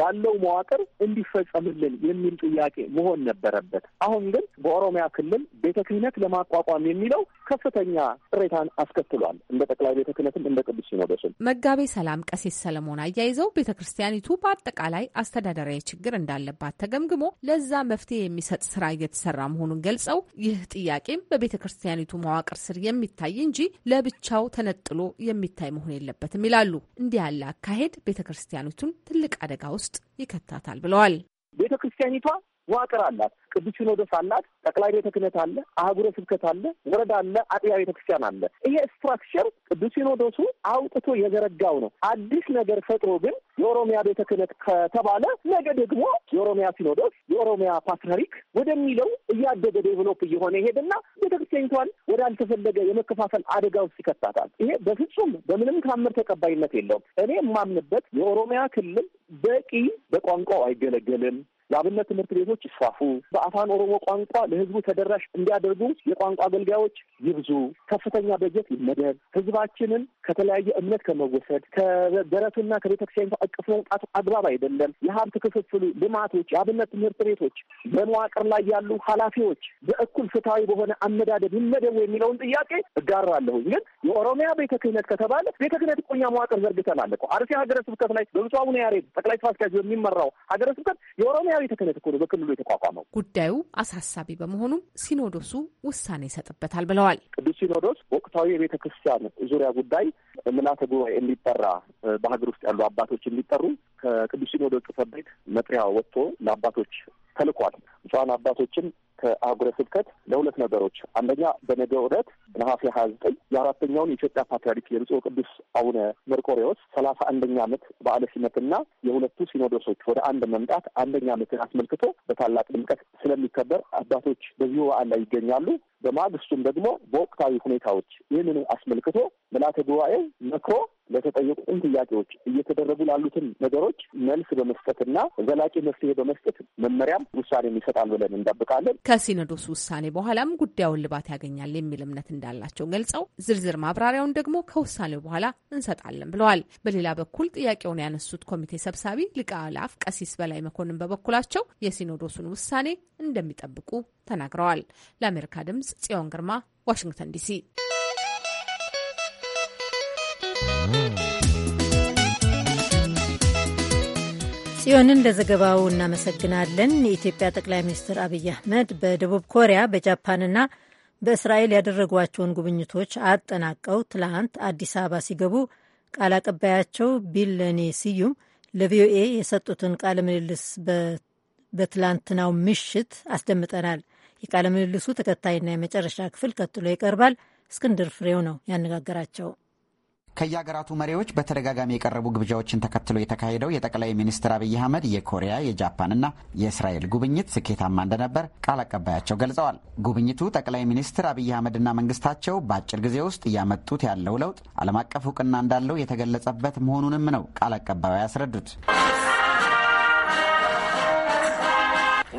ባለው መዋቅር እንዲፈጸምልን የሚል ጥያቄ መሆን ነበረበት። አሁን ግን በኦሮሚያ ክልል ቤተ ክህነት ለማቋቋም የሚለው ከፍተኛ ቅሬታን አስከትሏል። እንደ ጠቅላይ ቤተ ክህነትም እንደ ቅዱስ ሲኖዶስም። መጋቤ ሰላም ቀሲስ ሰለሞን አያይዘው ቤተ ክርስቲያኒቱ በአጠቃላይ አስተዳደራዊ ችግር እንዳለባት ተገምግሞ ለዛ መፍትሄ የሚሰጥ ስራ እየተሰራ መሆኑን ገልጸው ይህ ጥያቄም በቤተ ክርስቲያኒቱ መዋቅር ስር የሚታይ እንጂ ለብቻው ተነጥሎ የሚታይ መሆን የለበትም ይላሉ። እንዲህ ያለ አካሄድ ቤተ ክርስቲያኒቱን ትልቅ አደጋ ውስጥ ውስጥ ይከታታል ብለዋል። ቤተ ክርስቲያኒቷ መዋቅር አላት። ቅዱስ ሲኖዶስ አላት። ጠቅላይ ቤተ ክህነት አለ። አህጉረ ስብከት አለ። ወረዳ አለ። አጥቢያ ቤተ ክርስቲያን አለ። ይሄ ስትራክቸር ቅዱስ ሲኖዶሱ አውጥቶ የዘረጋው ነው። አዲስ ነገር ፈጥሮ ግን የኦሮሚያ ቤተ ክህነት ከተባለ ነገ ደግሞ የኦሮሚያ ሲኖዶስ፣ የኦሮሚያ ፓትርያርክ ወደሚለው እያደገ ዴቨሎፕ እየሆነ ይሄድና ቤተ ክርስቲያኒቷን ወዳልተፈለገ የመከፋፈል አደጋ ውስጥ ይከታታል። ይሄ በፍጹም በምንም ታምር ተቀባይነት የለውም። እኔ የማምንበት የኦሮሚያ ክልል በቂ በቋንቋው አይገለገልም የአብነት ትምህርት ቤቶች ይስፋፉ፣ በአፋን ኦሮሞ ቋንቋ ለህዝቡ ተደራሽ እንዲያደርጉ የቋንቋ አገልጋዮች ይብዙ፣ ከፍተኛ በጀት ይመደብ፣ ህዝባችንን ከተለያየ እምነት ከመወሰድ ከደረቱና ከቤተክርስቲያኒቱ አቅፍ መውጣቱ አግባብ አይደለም። የሀብት ክፍፍሉ፣ ልማቶች፣ የአብነት ትምህርት ቤቶች በመዋቅር ላይ ያሉ ኃላፊዎች በእኩል ፍትሐዊ በሆነ አመዳደብ ይመደቡ የሚለውን ጥያቄ እጋራለሁ። ግን የኦሮሚያ ቤተ ክህነት ከተባለ ቤተ ክህነት እኮ እኛ መዋቅር ዘርግተናል እኮ አርሲ ሀገረ ስብከት ላይ በብፁዕ አቡነ ያሬድ ጠቅላይ ስብከት የሚመራው ሀገረ ስብከት የኦሮሚያ ብሔራዊ ተክህነት እኮ ነው በክልሉ የተቋቋመው። ጉዳዩ አሳሳቢ በመሆኑም ሲኖዶሱ ውሳኔ ይሰጥበታል ብለዋል። ቅዱስ ሲኖዶስ ወቅታዊ የቤተ ክርስቲያን ዙሪያ ጉዳይ ምልዓተ ጉባኤ እንዲጠራ በሀገር ውስጥ ያሉ አባቶች እንዲጠሩ ከቅዱስ ሲኖዶስ ጽሕፈት ቤት መጥሪያ ወጥቶ ለአባቶች ተልኳል። ብፁዓን አባቶችን ከአህጉረ ስብከት ለሁለት ነገሮች፣ አንደኛ በነገ ዕለት ነሐሴ ሀያ ዘጠኝ የአራተኛውን የኢትዮጵያ ፓትርያርክ የብፁዕ ቅዱስ አቡነ መርቆሬዎስ ሰላሳ አንደኛ ዓመት በዓለ ሲመትና የሁለቱ ሲኖዶሶች ወደ አንድ መምጣት አንደኛ ዓመትን አስመልክቶ በታላቅ ድምቀት ስለሚከበር አባቶች በዚሁ በዓል ላይ ይገኛሉ። በማግስቱም ደግሞ በወቅታዊ ሁኔታዎች ይህንን አስመልክቶ ምልዓተ ጉባኤ መክሮ ለተጠየቁትን ጥያቄዎች እየተደረጉ ላሉትን ነገሮች መልስ በመስጠትና ዘላቂ መፍትሄ በመስጠት መመሪያም ውሳኔም ይሰጣል ብለን እንጠብቃለን። ከሲኖዶስ ውሳኔ በኋላም ጉዳዩን ልባት ያገኛል የሚል እምነት እንዳላቸው ገልጸው ዝርዝር ማብራሪያውን ደግሞ ከውሳኔው በኋላ እንሰጣለን ብለዋል። በሌላ በኩል ጥያቄውን ያነሱት ኮሚቴ ሰብሳቢ ሊቀ አእላፍ ቀሲስ በላይ መኮንን በበኩላቸው የሲኖዶሱን ውሳኔ እንደሚጠብቁ ተናግረዋል። ለአሜሪካ ድምጽ ጽዮን ግርማ ዋሽንግተን ዲሲ ጽዮንን ለዘገባው እናመሰግናለን። የኢትዮጵያ ጠቅላይ ሚኒስትር አብይ አህመድ በደቡብ ኮሪያ በጃፓንና በእስራኤል ያደረጓቸውን ጉብኝቶች አጠናቀው ትላንት አዲስ አበባ ሲገቡ ቃል አቀባያቸው ቢለኔ ስዩም ለቪኦኤ የሰጡትን ቃለ ምልልስ በትላንትናው ምሽት አስደምጠናል። የቃለ ምልልሱ ተከታይና የመጨረሻ ክፍል ቀጥሎ ይቀርባል። እስክንድር ፍሬው ነው ያነጋገራቸው። ከየሀገራቱ መሪዎች በተደጋጋሚ የቀረቡ ግብዣዎችን ተከትሎ የተካሄደው የጠቅላይ ሚኒስትር አብይ አህመድ የኮሪያ የጃፓንና የእስራኤል ጉብኝት ስኬታማ እንደነበር ቃል አቀባያቸው ገልጸዋል። ጉብኝቱ ጠቅላይ ሚኒስትር አብይ አህመድና መንግስታቸው በአጭር ጊዜ ውስጥ እያመጡት ያለው ለውጥ ዓለም አቀፍ እውቅና እንዳለው የተገለጸበት መሆኑንም ነው ቃል አቀባዩ ያስረዱት።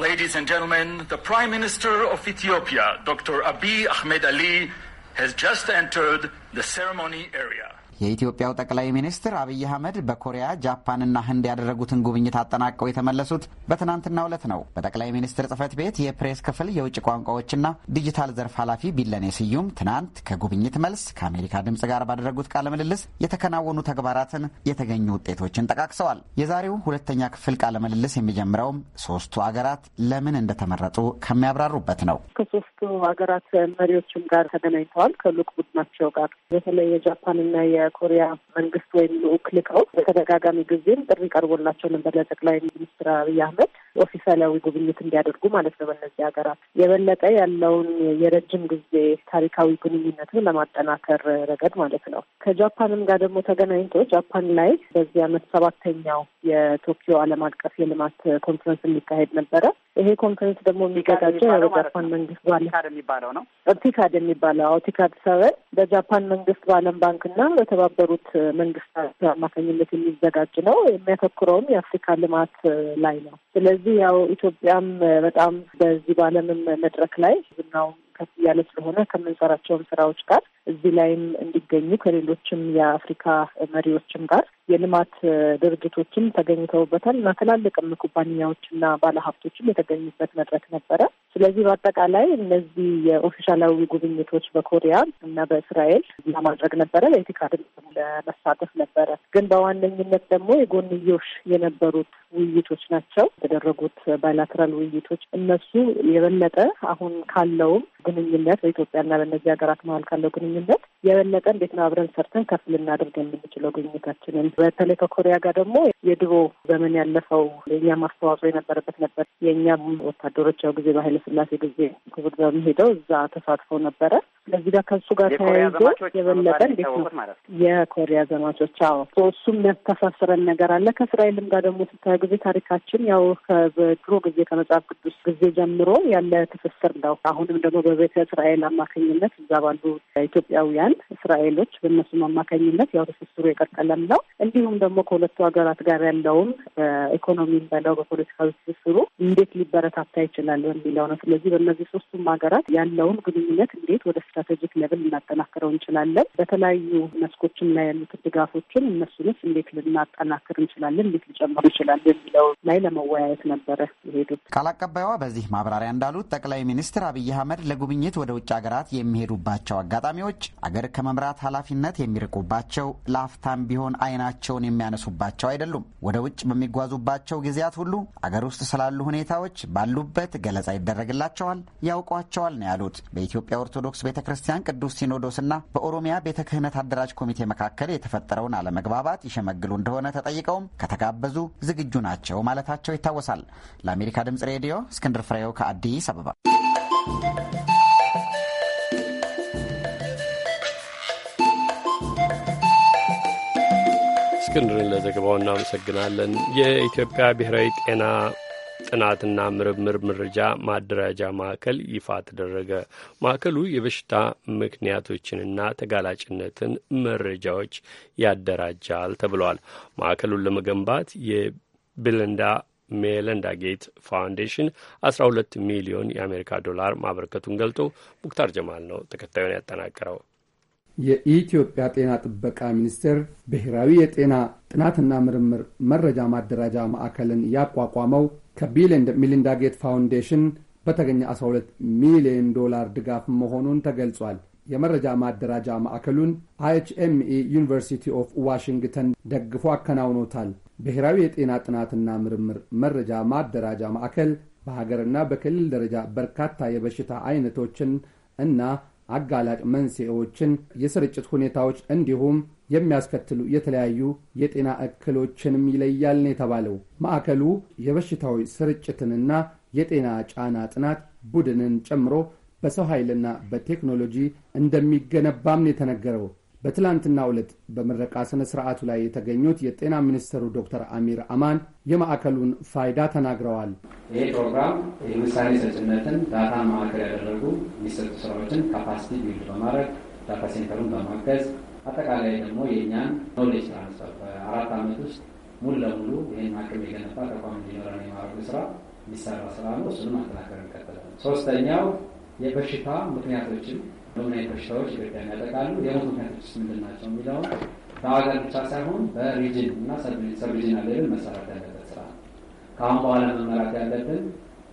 Ladies and gentlemen, the Prime Minister of Ethiopia, Dr. Abiy Ahmed Ali, has just entered the ceremony area. የኢትዮጵያው ጠቅላይ ሚኒስትር አብይ አህመድ በኮሪያ ጃፓንና ህንድ ያደረጉትን ጉብኝት አጠናቀው የተመለሱት በትናንትናው ዕለት ነው። በጠቅላይ ሚኒስትር ጽህፈት ቤት የፕሬስ ክፍል የውጭ ቋንቋዎችና ዲጂታል ዘርፍ ኃላፊ ቢለኔ ስዩም ትናንት ከጉብኝት መልስ ከአሜሪካ ድምፅ ጋር ባደረጉት ቃለ ምልልስ የተከናወኑ ተግባራትን፣ የተገኙ ውጤቶችን ጠቃቅሰዋል። የዛሬው ሁለተኛ ክፍል ቃለ ምልልስ የሚጀምረውም ሶስቱ አገራት ለምን እንደተመረጡ ከሚያብራሩበት ነው። ከሶስቱ አገራት መሪዎችም ጋር ተገናኝተዋል። ከልዑክ ቡድናቸው ጋር በተለይ የጃፓንና የኮሪያ መንግስት ወይም ልዑክ ልከው በተደጋጋሚ ጊዜም ጥሪ ቀርቦላቸው ነበር ለጠቅላይ ሚኒስትር አብይ አህመድ ኦፊሳላዊ ጉብኝት እንዲያደርጉ ማለት ነው። በእነዚህ ሀገራት የበለጠ ያለውን የረጅም ጊዜ ታሪካዊ ግንኙነትን ለማጠናከር ረገድ ማለት ነው። ከጃፓንም ጋር ደግሞ ተገናኝቶ ጃፓን ላይ በዚህ ዓመት ሰባተኛው የቶኪዮ ዓለም አቀፍ የልማት ኮንፈረንስ የሚካሄድ ነበረ። ይሄ ኮንፈረንስ ደግሞ የሚዘጋጀው በጃፓን መንግስት ባለቲካድ የሚባለው ነው። ቲካድ የሚባለው አዎ፣ ቲካድ ሰበን በጃፓን መንግስት በዓለም ባንክና በተባበሩት መንግስታት አማካኝነት የሚዘጋጅ ነው። የሚያተኩረውም የአፍሪካ ልማት ላይ ነው። ስለዚህ ስለዚህ ያው ኢትዮጵያም በጣም በዚህ በዓለምም መድረክ ላይ ዝናው ከፍ እያለ ስለሆነ ከምንሰራቸውም ስራዎች ጋር እዚህ ላይም እንዲገኙ ከሌሎችም የአፍሪካ መሪዎችም ጋር የልማት ድርጅቶችም ተገኝተውበታል እና ትላልቅም ኩባንያዎችና ባለሀብቶችም የተገኙበት መድረክ ነበረ። ስለዚህ በአጠቃላይ እነዚህ የኦፊሻላዊ ጉብኝቶች በኮሪያ እና በእስራኤል ለማድረግ ነበረ። ለኢቲካድ ለመሳተፍ ነበረ። ግን በዋነኝነት ደግሞ የጎንዮሽ የነበሩት ውይይቶች ናቸው የተደረጉት ባይላትራል ውይይቶች። እነሱ የበለጠ አሁን ካለውም ግንኙነት በኢትዮጵያና በእነዚህ ሀገራት መሀል ካለው ግንኙነት ግንኙነት የበለጠ እንዴት ነው አብረን ሰርተን ከፍ ልናደርግ የምንችለው ግንኙነታችንን። በተለይ ከኮሪያ ጋር ደግሞ የድሮ ዘመን ያለፈው የእኛም አስተዋጽኦ የነበረበት ነበር። የእኛም ወታደሮች ያው ጊዜ በኃይለ ስላሴ ጊዜ ክቡር በሚሄደው እዛ ተሳትፎ ነበረ። ለዚህ ጋር ከሱ ጋር ተያይዞ የበለጠ እንዴት ነው የኮሪያ ዘማቾች? አዎ እሱም የሚያስተሳስረን ነገር አለ። ከእስራኤልም ጋር ደግሞ ስታዩ ጊዜ ታሪካችን ያው ከድሮ ጊዜ ከመጽሐፍ ቅዱስ ጊዜ ጀምሮ ያለ ትስስር ነው። አሁንም ደግሞ በቤተ እስራኤል አማካኝነት እዛ ባሉ ኢትዮ ኢትዮጵያውያን እስራኤሎች በእነሱ አማካኝነት ያው ትስስሩ የቀጠለ ነው። እንዲሁም ደግሞ ከሁለቱ ሀገራት ጋር ያለውን በኢኮኖሚ በለው በፖለቲካዊ ትስስሩ እንዴት ሊበረታታ ይችላል በሚለው ነው። ስለዚህ በእነዚህ ሶስቱም ሀገራት ያለውን ግንኙነት እንዴት ወደ ስትራቴጂክ ሌቭል ልናጠናክረው እንችላለን፣ በተለያዩ መስኮችም ላይ ያሉትን ድጋፎችን እነሱንስ እንዴት ልናጠናክር እንችላለን፣ እንዴት ሊጨምሩ ይችላል የሚለው ላይ ለመወያየት ነበረ የሄዱት። ቃል አቀባይዋ በዚህ ማብራሪያ እንዳሉት ጠቅላይ ሚኒስትር አብይ አህመድ ለጉብኝት ወደ ውጭ ሀገራት የሚሄዱባቸው አጋጣሚዎች ውሳኔዎች አገር ከመምራት ኃላፊነት የሚርቁባቸው ላፍታም ቢሆን አይናቸውን የሚያነሱባቸው አይደሉም። ወደ ውጭ በሚጓዙባቸው ጊዜያት ሁሉ አገር ውስጥ ስላሉ ሁኔታዎች ባሉበት ገለጻ ይደረግላቸዋል፣ ያውቋቸዋል ነው ያሉት። በኢትዮጵያ ኦርቶዶክስ ቤተ ክርስቲያን ቅዱስ ሲኖዶስና በኦሮሚያ ቤተ ክህነት አደራጅ ኮሚቴ መካከል የተፈጠረውን አለመግባባት ይሸመግሉ እንደሆነ ተጠይቀውም ከተጋበዙ ዝግጁ ናቸው ማለታቸው ይታወሳል። ለአሜሪካ ድምጽ ሬዲዮ እስክንድር ፍሬው ከአዲስ አበባ እስክንድርን ለዘገባው እናመሰግናለን። የኢትዮጵያ ብሔራዊ ጤና ጥናትና ምርምር መረጃ ማደራጃ ማዕከል ይፋ ተደረገ። ማዕከሉ የበሽታ ምክንያቶችንና ተጋላጭነትን መረጃዎች ያደራጃል ተብሏል። ማዕከሉን ለመገንባት የብልንዳ ሜለንዳ ጌት ፋውንዴሽን 12 ሚሊዮን የአሜሪካ ዶላር ማበረከቱን ገልጦ ሙክታር ጀማል ነው ተከታዩን ያጠናቀረው። የኢትዮጵያ ጤና ጥበቃ ሚኒስቴር ብሔራዊ የጤና ጥናትና ምርምር መረጃ ማደራጃ ማዕከልን ያቋቋመው ከቢል ሚሊንዳ ጌት ፋውንዴሽን በተገኘ 12 ሚሊዮን ዶላር ድጋፍ መሆኑን ተገልጿል። የመረጃ ማደራጃ ማዕከሉን አይኤችኤምኢ ዩኒቨርሲቲ ኦፍ ዋሽንግተን ደግፎ አከናውኖታል። ብሔራዊ የጤና ጥናትና ምርምር መረጃ ማደራጃ ማዕከል በሀገርና በክልል ደረጃ በርካታ የበሽታ አይነቶችን እና አጋላጭ መንስኤዎችን፣ የስርጭት ሁኔታዎች እንዲሁም የሚያስከትሉ የተለያዩ የጤና እክሎችንም ይለያል ነው የተባለው። ማዕከሉ የበሽታዎች ስርጭትንና የጤና ጫና ጥናት ቡድንን ጨምሮ በሰው ኃይልና በቴክኖሎጂ እንደሚገነባም ነው የተነገረው። በትላንትናው ዕለት በምረቃ ስነ ስርዓቱ ላይ የተገኙት የጤና ሚኒስትሩ ዶክተር አሚር አማን የማዕከሉን ፋይዳ ተናግረዋል። ይህ ፕሮግራም የምሳሌ ሰጭነትን ዳታ ማዕከል ያደረጉ የሚሰጡ ስራዎችን ካፓሲቲ ቢልድ በማድረግ ዳታ ሴንተሩን በማገዝ አጠቃላይ ደግሞ የእኛን ኖሌጅ ትራንስፈር በአራት ዓመት ውስጥ ሙሉ ለሙሉ ይህን አቅም የገነባ ተቋም እንዲኖረን የማድረጉ ስራ የሚሰራ ስራ ነው። እሱንም አጠናከር እንቀጥላለን። ሶስተኛው የበሽታ ምክንያቶችን ምን አይነት በሽታዎች ኢትዮጵያን ያጠቃሉ፣ የሞት ምክንያቶች ምንድን ናቸው የሚለውን በሀገር ብቻ ሳይሆን በሪጅን እና ሰብሪጅን ሌብል መሰራት ያለበት ስራ ነው። ከአሁን በኋላ መመራት ያለብን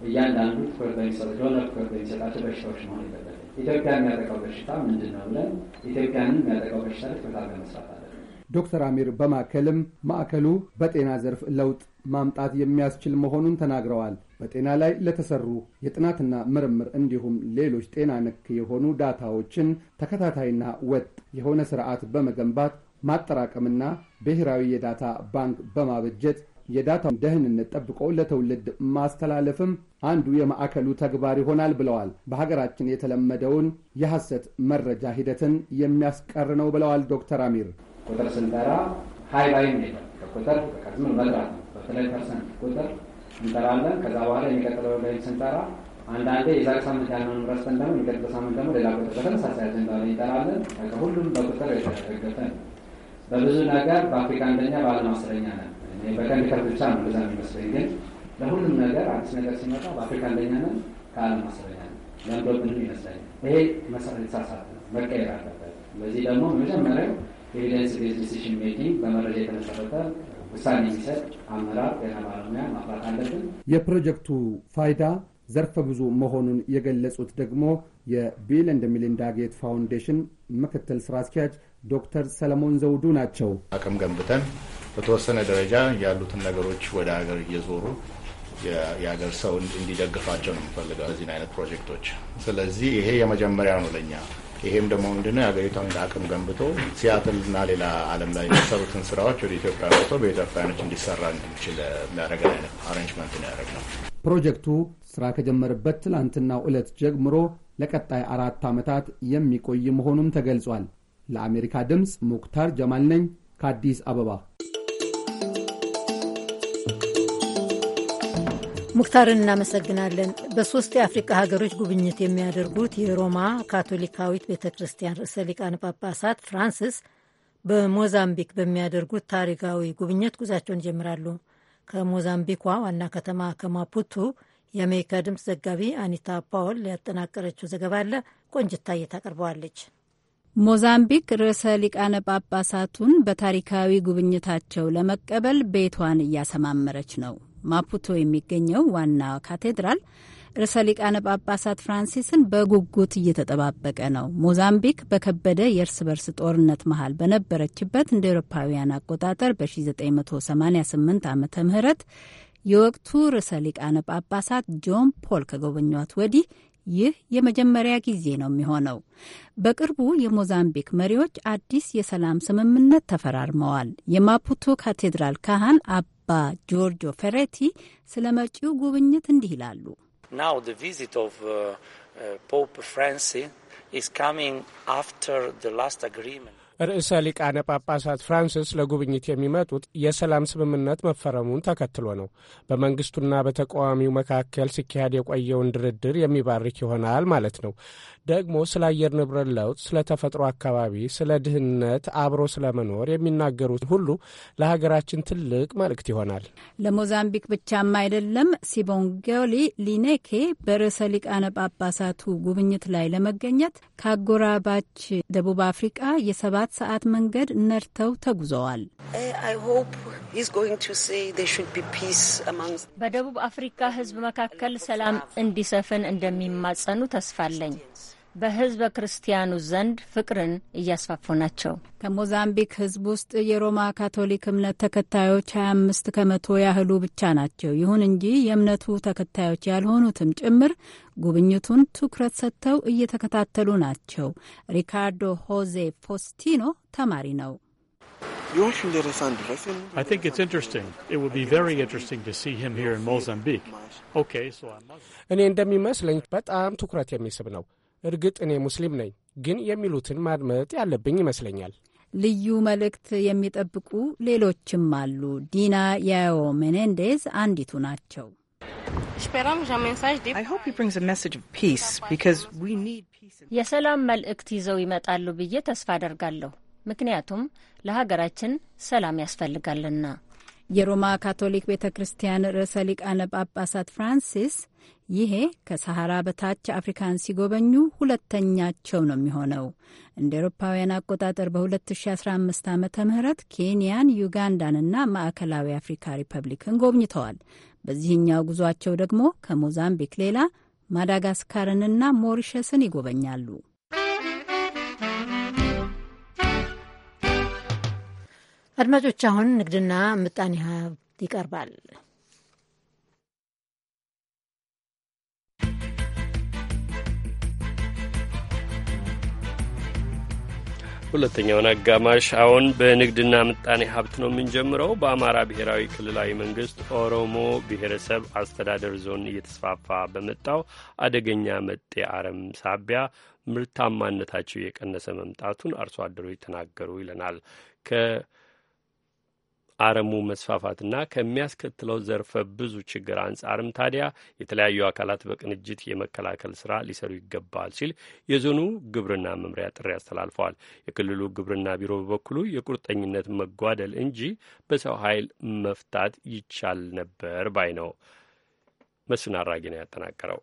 እያንዳንዱ ትኩረት በሚሰጥ ለሆነ ትኩረት በሚሰጣቸው በሽታዎች መሆን የለበትም። ኢትዮጵያ የሚያጠቃው በሽታ ምንድን ነው ብለን ኢትዮጵያንን የሚያጠቃው በሽታ ላይ ትኩረት አድርገን መስራት አለብን። ዶክተር አሚር በማከልም ማዕከሉ በጤና ዘርፍ ለውጥ ማምጣት የሚያስችል መሆኑን ተናግረዋል። በጤና ላይ ለተሰሩ የጥናትና ምርምር እንዲሁም ሌሎች ጤና ነክ የሆኑ ዳታዎችን ተከታታይና ወጥ የሆነ ስርዓት በመገንባት ማጠራቀምና ብሔራዊ የዳታ ባንክ በማበጀት የዳታውን ደህንነት ጠብቆ ለትውልድ ማስተላለፍም አንዱ የማዕከሉ ተግባር ይሆናል ብለዋል። በሀገራችን የተለመደውን የሐሰት መረጃ ሂደትን የሚያስቀር ነው ብለዋል ዶክተር አሚር። ቁጥር ስንጠራ ሀይ ባይ ሄደ ከቁጥር ከዝም መጥራት ነው በተለይ ፐርሰንት ቁጥር እንጠራለን። ከዛ በኋላ የሚቀጥለው ላይ ስንጠራ አንዳንዴ የዛሬ ሳምንት ያለውን ረስተን ደግሞ የሚቀጥለው ሳምንት ደግሞ ሌላ ቁጥር በተመሳሳይ አጀንዳ ላይ እንጠራለን። ከሁሉም በቁጥር የተደገፈ ነው። በብዙ ነገር በአፍሪካ አንደኛ በዓለም አስረኛ ነን። በቀንድ ከብት ብቻ ነው እንደዛ የሚመስለኝ፣ ግን ለሁሉም ነገር አዲስ ነገር ሲመጣ በአፍሪካ አንደኛ ነን፣ ከዓለም አስረኛ ነን። ለምዶብንም ይመስለኛል። ይሄ መሰረት የተሳሳተ መቀየር አለበት። በዚህ ደግሞ መጀመሪያው ኤቪደንስ ቤዝ ዲሲሽን ሜኪንግ በመረጃ የተመሰረተ ውሳኔ የሚሰጥ አመራር ጤና ባለሙያ ማፍራት አለብን። የፕሮጀክቱ ፋይዳ ዘርፈ ብዙ መሆኑን የገለጹት ደግሞ የቢል ኤንድ ሚሊንዳ ጌት ፋውንዴሽን ምክትል ስራ አስኪያጅ ዶክተር ሰለሞን ዘውዱ ናቸው። አቅም ገንብተን በተወሰነ ደረጃ ያሉትን ነገሮች ወደ ሀገር እየዞሩ የሀገር ሰው እንዲደግፋቸው ነው የምፈልገው እዚህን አይነት ፕሮጀክቶች። ስለዚህ ይሄ የመጀመሪያ ነው ለእኛ ይሄም ደግሞ ነው የሀገሪቷን አቅም ገንብቶ ሲያትል እና ሌላ ዓለም ላይ የሚሰሩትን ስራዎች ወደ ኢትዮጵያ መጥቶ በኢትዮጵያኖች እንዲሰራ እንዲችል የሚያደርገን አይነት አረንጅመንት ነው ያደረግነው። ፕሮጀክቱ ስራ ከጀመረበት ትላንትናው ዕለት ጀምሮ ለቀጣይ አራት ዓመታት የሚቆይ መሆኑም ተገልጿል። ለአሜሪካ ድምፅ ሙክታር ጀማል ነኝ ከአዲስ አበባ። ሙክታርን እናመሰግናለን። በሶስት የአፍሪካ ሀገሮች ጉብኝት የሚያደርጉት የሮማ ካቶሊካዊት ቤተ ክርስቲያን ርዕሰ ሊቃነ ጳጳሳት ፍራንሲስ በሞዛምቢክ በሚያደርጉት ታሪካዊ ጉብኝት ጉዛቸውን ይጀምራሉ። ከሞዛምቢኳ ዋና ከተማ ከማፑቱ የአሜሪካ ድምፅ ዘጋቢ አኒታ ፓውል ያጠናቀረችው ዘገባ አለ ቆንጅታዬ ታቀርበዋለች። ሞዛምቢክ ርዕሰ ሊቃነ ጳጳሳቱን በታሪካዊ ጉብኝታቸው ለመቀበል ቤቷን እያሰማመረች ነው። ማፑቶ የሚገኘው ዋና ካቴድራል ርዕሰ ሊቃነ ጳጳሳት ፍራንሲስን በጉጉት እየተጠባበቀ ነው። ሞዛምቢክ በከበደ የእርስ በርስ ጦርነት መሀል በነበረችበት እንደ ኤሮፓውያን አቆጣጠር በ1988 ዓ ም የወቅቱ ርዕሰ ሊቃነ ጳጳሳት ጆን ፖል ከጎበኟት ወዲህ ይህ የመጀመሪያ ጊዜ ነው የሚሆነው። በቅርቡ የሞዛምቢክ መሪዎች አዲስ የሰላም ስምምነት ተፈራርመዋል። የማፑቶ ካቴድራል ካህን አ አባ ጆርጆ ፌሬቲ ስለ መጪው ጉብኝት እንዲህ ይላሉ። uh, uh, ርዕሰ ሊቃነ ጳጳሳት ፍራንስስ ለጉብኝት የሚመጡት የሰላም ስምምነት መፈረሙን ተከትሎ ነው። በመንግስቱና በተቃዋሚው መካከል ሲካሄድ የቆየውን ድርድር የሚባርክ ይሆናል ማለት ነው። ደግሞ ስለ አየር ንብረት ለውጥ፣ ስለ ተፈጥሮ አካባቢ፣ ስለ ድህነት፣ አብሮ ስለ መኖር የሚናገሩት ሁሉ ለሀገራችን ትልቅ መልእክት ይሆናል። ለሞዛምቢክ ብቻም አይደለም። ሲቦንጌሊ ሊኔኬ በርዕሰ ሊቃነ ጳጳሳቱ ጉብኝት ላይ ለመገኘት ከአጎራባች ደቡብ አፍሪቃ የሰባት ሰዓት መንገድ ነድተው ተጉዘዋል። በደቡብ አፍሪካ ሕዝብ መካከል ሰላም እንዲሰፍን እንደሚማጸኑ ተስፋለኝ። በህዝበ ክርስቲያኑ ዘንድ ፍቅርን እያስፋፉ ናቸው። ከሞዛምቢክ ህዝብ ውስጥ የሮማ ካቶሊክ እምነት ተከታዮች 25 ከመቶ ያህሉ ብቻ ናቸው። ይሁን እንጂ የእምነቱ ተከታዮች ያልሆኑትም ጭምር ጉብኝቱን ትኩረት ሰጥተው እየተከታተሉ ናቸው። ሪካርዶ ሆዜ ፎስቲኖ ተማሪ ነው። እኔ እንደሚመስለኝ በጣም ትኩረት የሚስብ ነው። እርግጥ እኔ ሙስሊም ነኝ፣ ግን የሚሉትን ማድመጥ ያለብኝ ይመስለኛል። ልዩ መልእክት የሚጠብቁ ሌሎችም አሉ። ዲና ያዮ ሜኔንዴዝ አንዲቱ ናቸው። የሰላም መልእክት ይዘው ይመጣሉ ብዬ ተስፋ አደርጋለሁ። ምክንያቱም ለሀገራችን ሰላም ያስፈልጋልና። የሮማ ካቶሊክ ቤተ ክርስቲያን ርዕሰ ሊቃነ ጳጳሳት ፍራንሲስ ይሄ ከሰሐራ በታች አፍሪካን ሲጎበኙ ሁለተኛቸው ነው የሚሆነው። እንደ ኤሮፓውያን አቆጣጠር በ2015 ዓመተ ምህረት ኬንያን፣ ዩጋንዳንና ማዕከላዊ አፍሪካ ሪፐብሊክን ጎብኝተዋል። በዚህኛው ጉዟቸው ደግሞ ከሞዛምቢክ ሌላ ማዳጋስካርንና ሞሪሸስን ይጎበኛሉ። አድማጮች፣ አሁን ንግድና ምጣኔ ሀብት ይቀርባል። ሁለተኛውን አጋማሽ አሁን በንግድና ምጣኔ ሀብት ነው የምንጀምረው። በአማራ ብሔራዊ ክልላዊ መንግስት ኦሮሞ ብሔረሰብ አስተዳደር ዞን እየተስፋፋ በመጣው አደገኛ መጤ አረም ሳቢያ ምርታማነታቸው የቀነሰ መምጣቱን አርሶ አደሮች ተናገሩ ይለናል። አረሙ መስፋፋትና ከሚያስከትለው ዘርፈ ብዙ ችግር አንጻርም ታዲያ የተለያዩ አካላት በቅንጅት የመከላከል ስራ ሊሰሩ ይገባል ሲል የዞኑ ግብርና መምሪያ ጥሪ አስተላልፈዋል። የክልሉ ግብርና ቢሮ በበኩሉ የቁርጠኝነት መጓደል እንጂ በሰው ኃይል መፍታት ይቻል ነበር ባይ ነው። መስፍን አራጌ ነው ያጠናቀረው።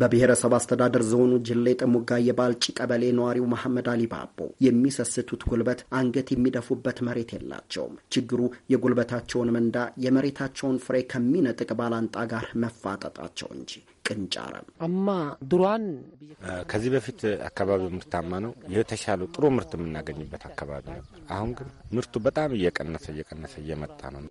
በብሔረሰብ አስተዳደር ዞኑ ጅሌ ጥሙጋ የባልጭ ቀበሌ ነዋሪው መሐመድ አሊ ባቦ የሚሰስቱት ጉልበት አንገት የሚደፉበት መሬት የላቸውም። ችግሩ የጉልበታቸውን ምንዳ የመሬታቸውን ፍሬ ከሚነጥቅ ባላንጣ ጋር መፋጠጣቸው እንጂ ቅንጫራ አማ ድሯን ከዚህ በፊት አካባቢው ምርታማ ነው። የተሻለ ጥሩ ምርት የምናገኝበት አካባቢ ነበር። አሁን ግን ምርቱ በጣም እየቀነሰ እየቀነሰ እየመጣ ነው።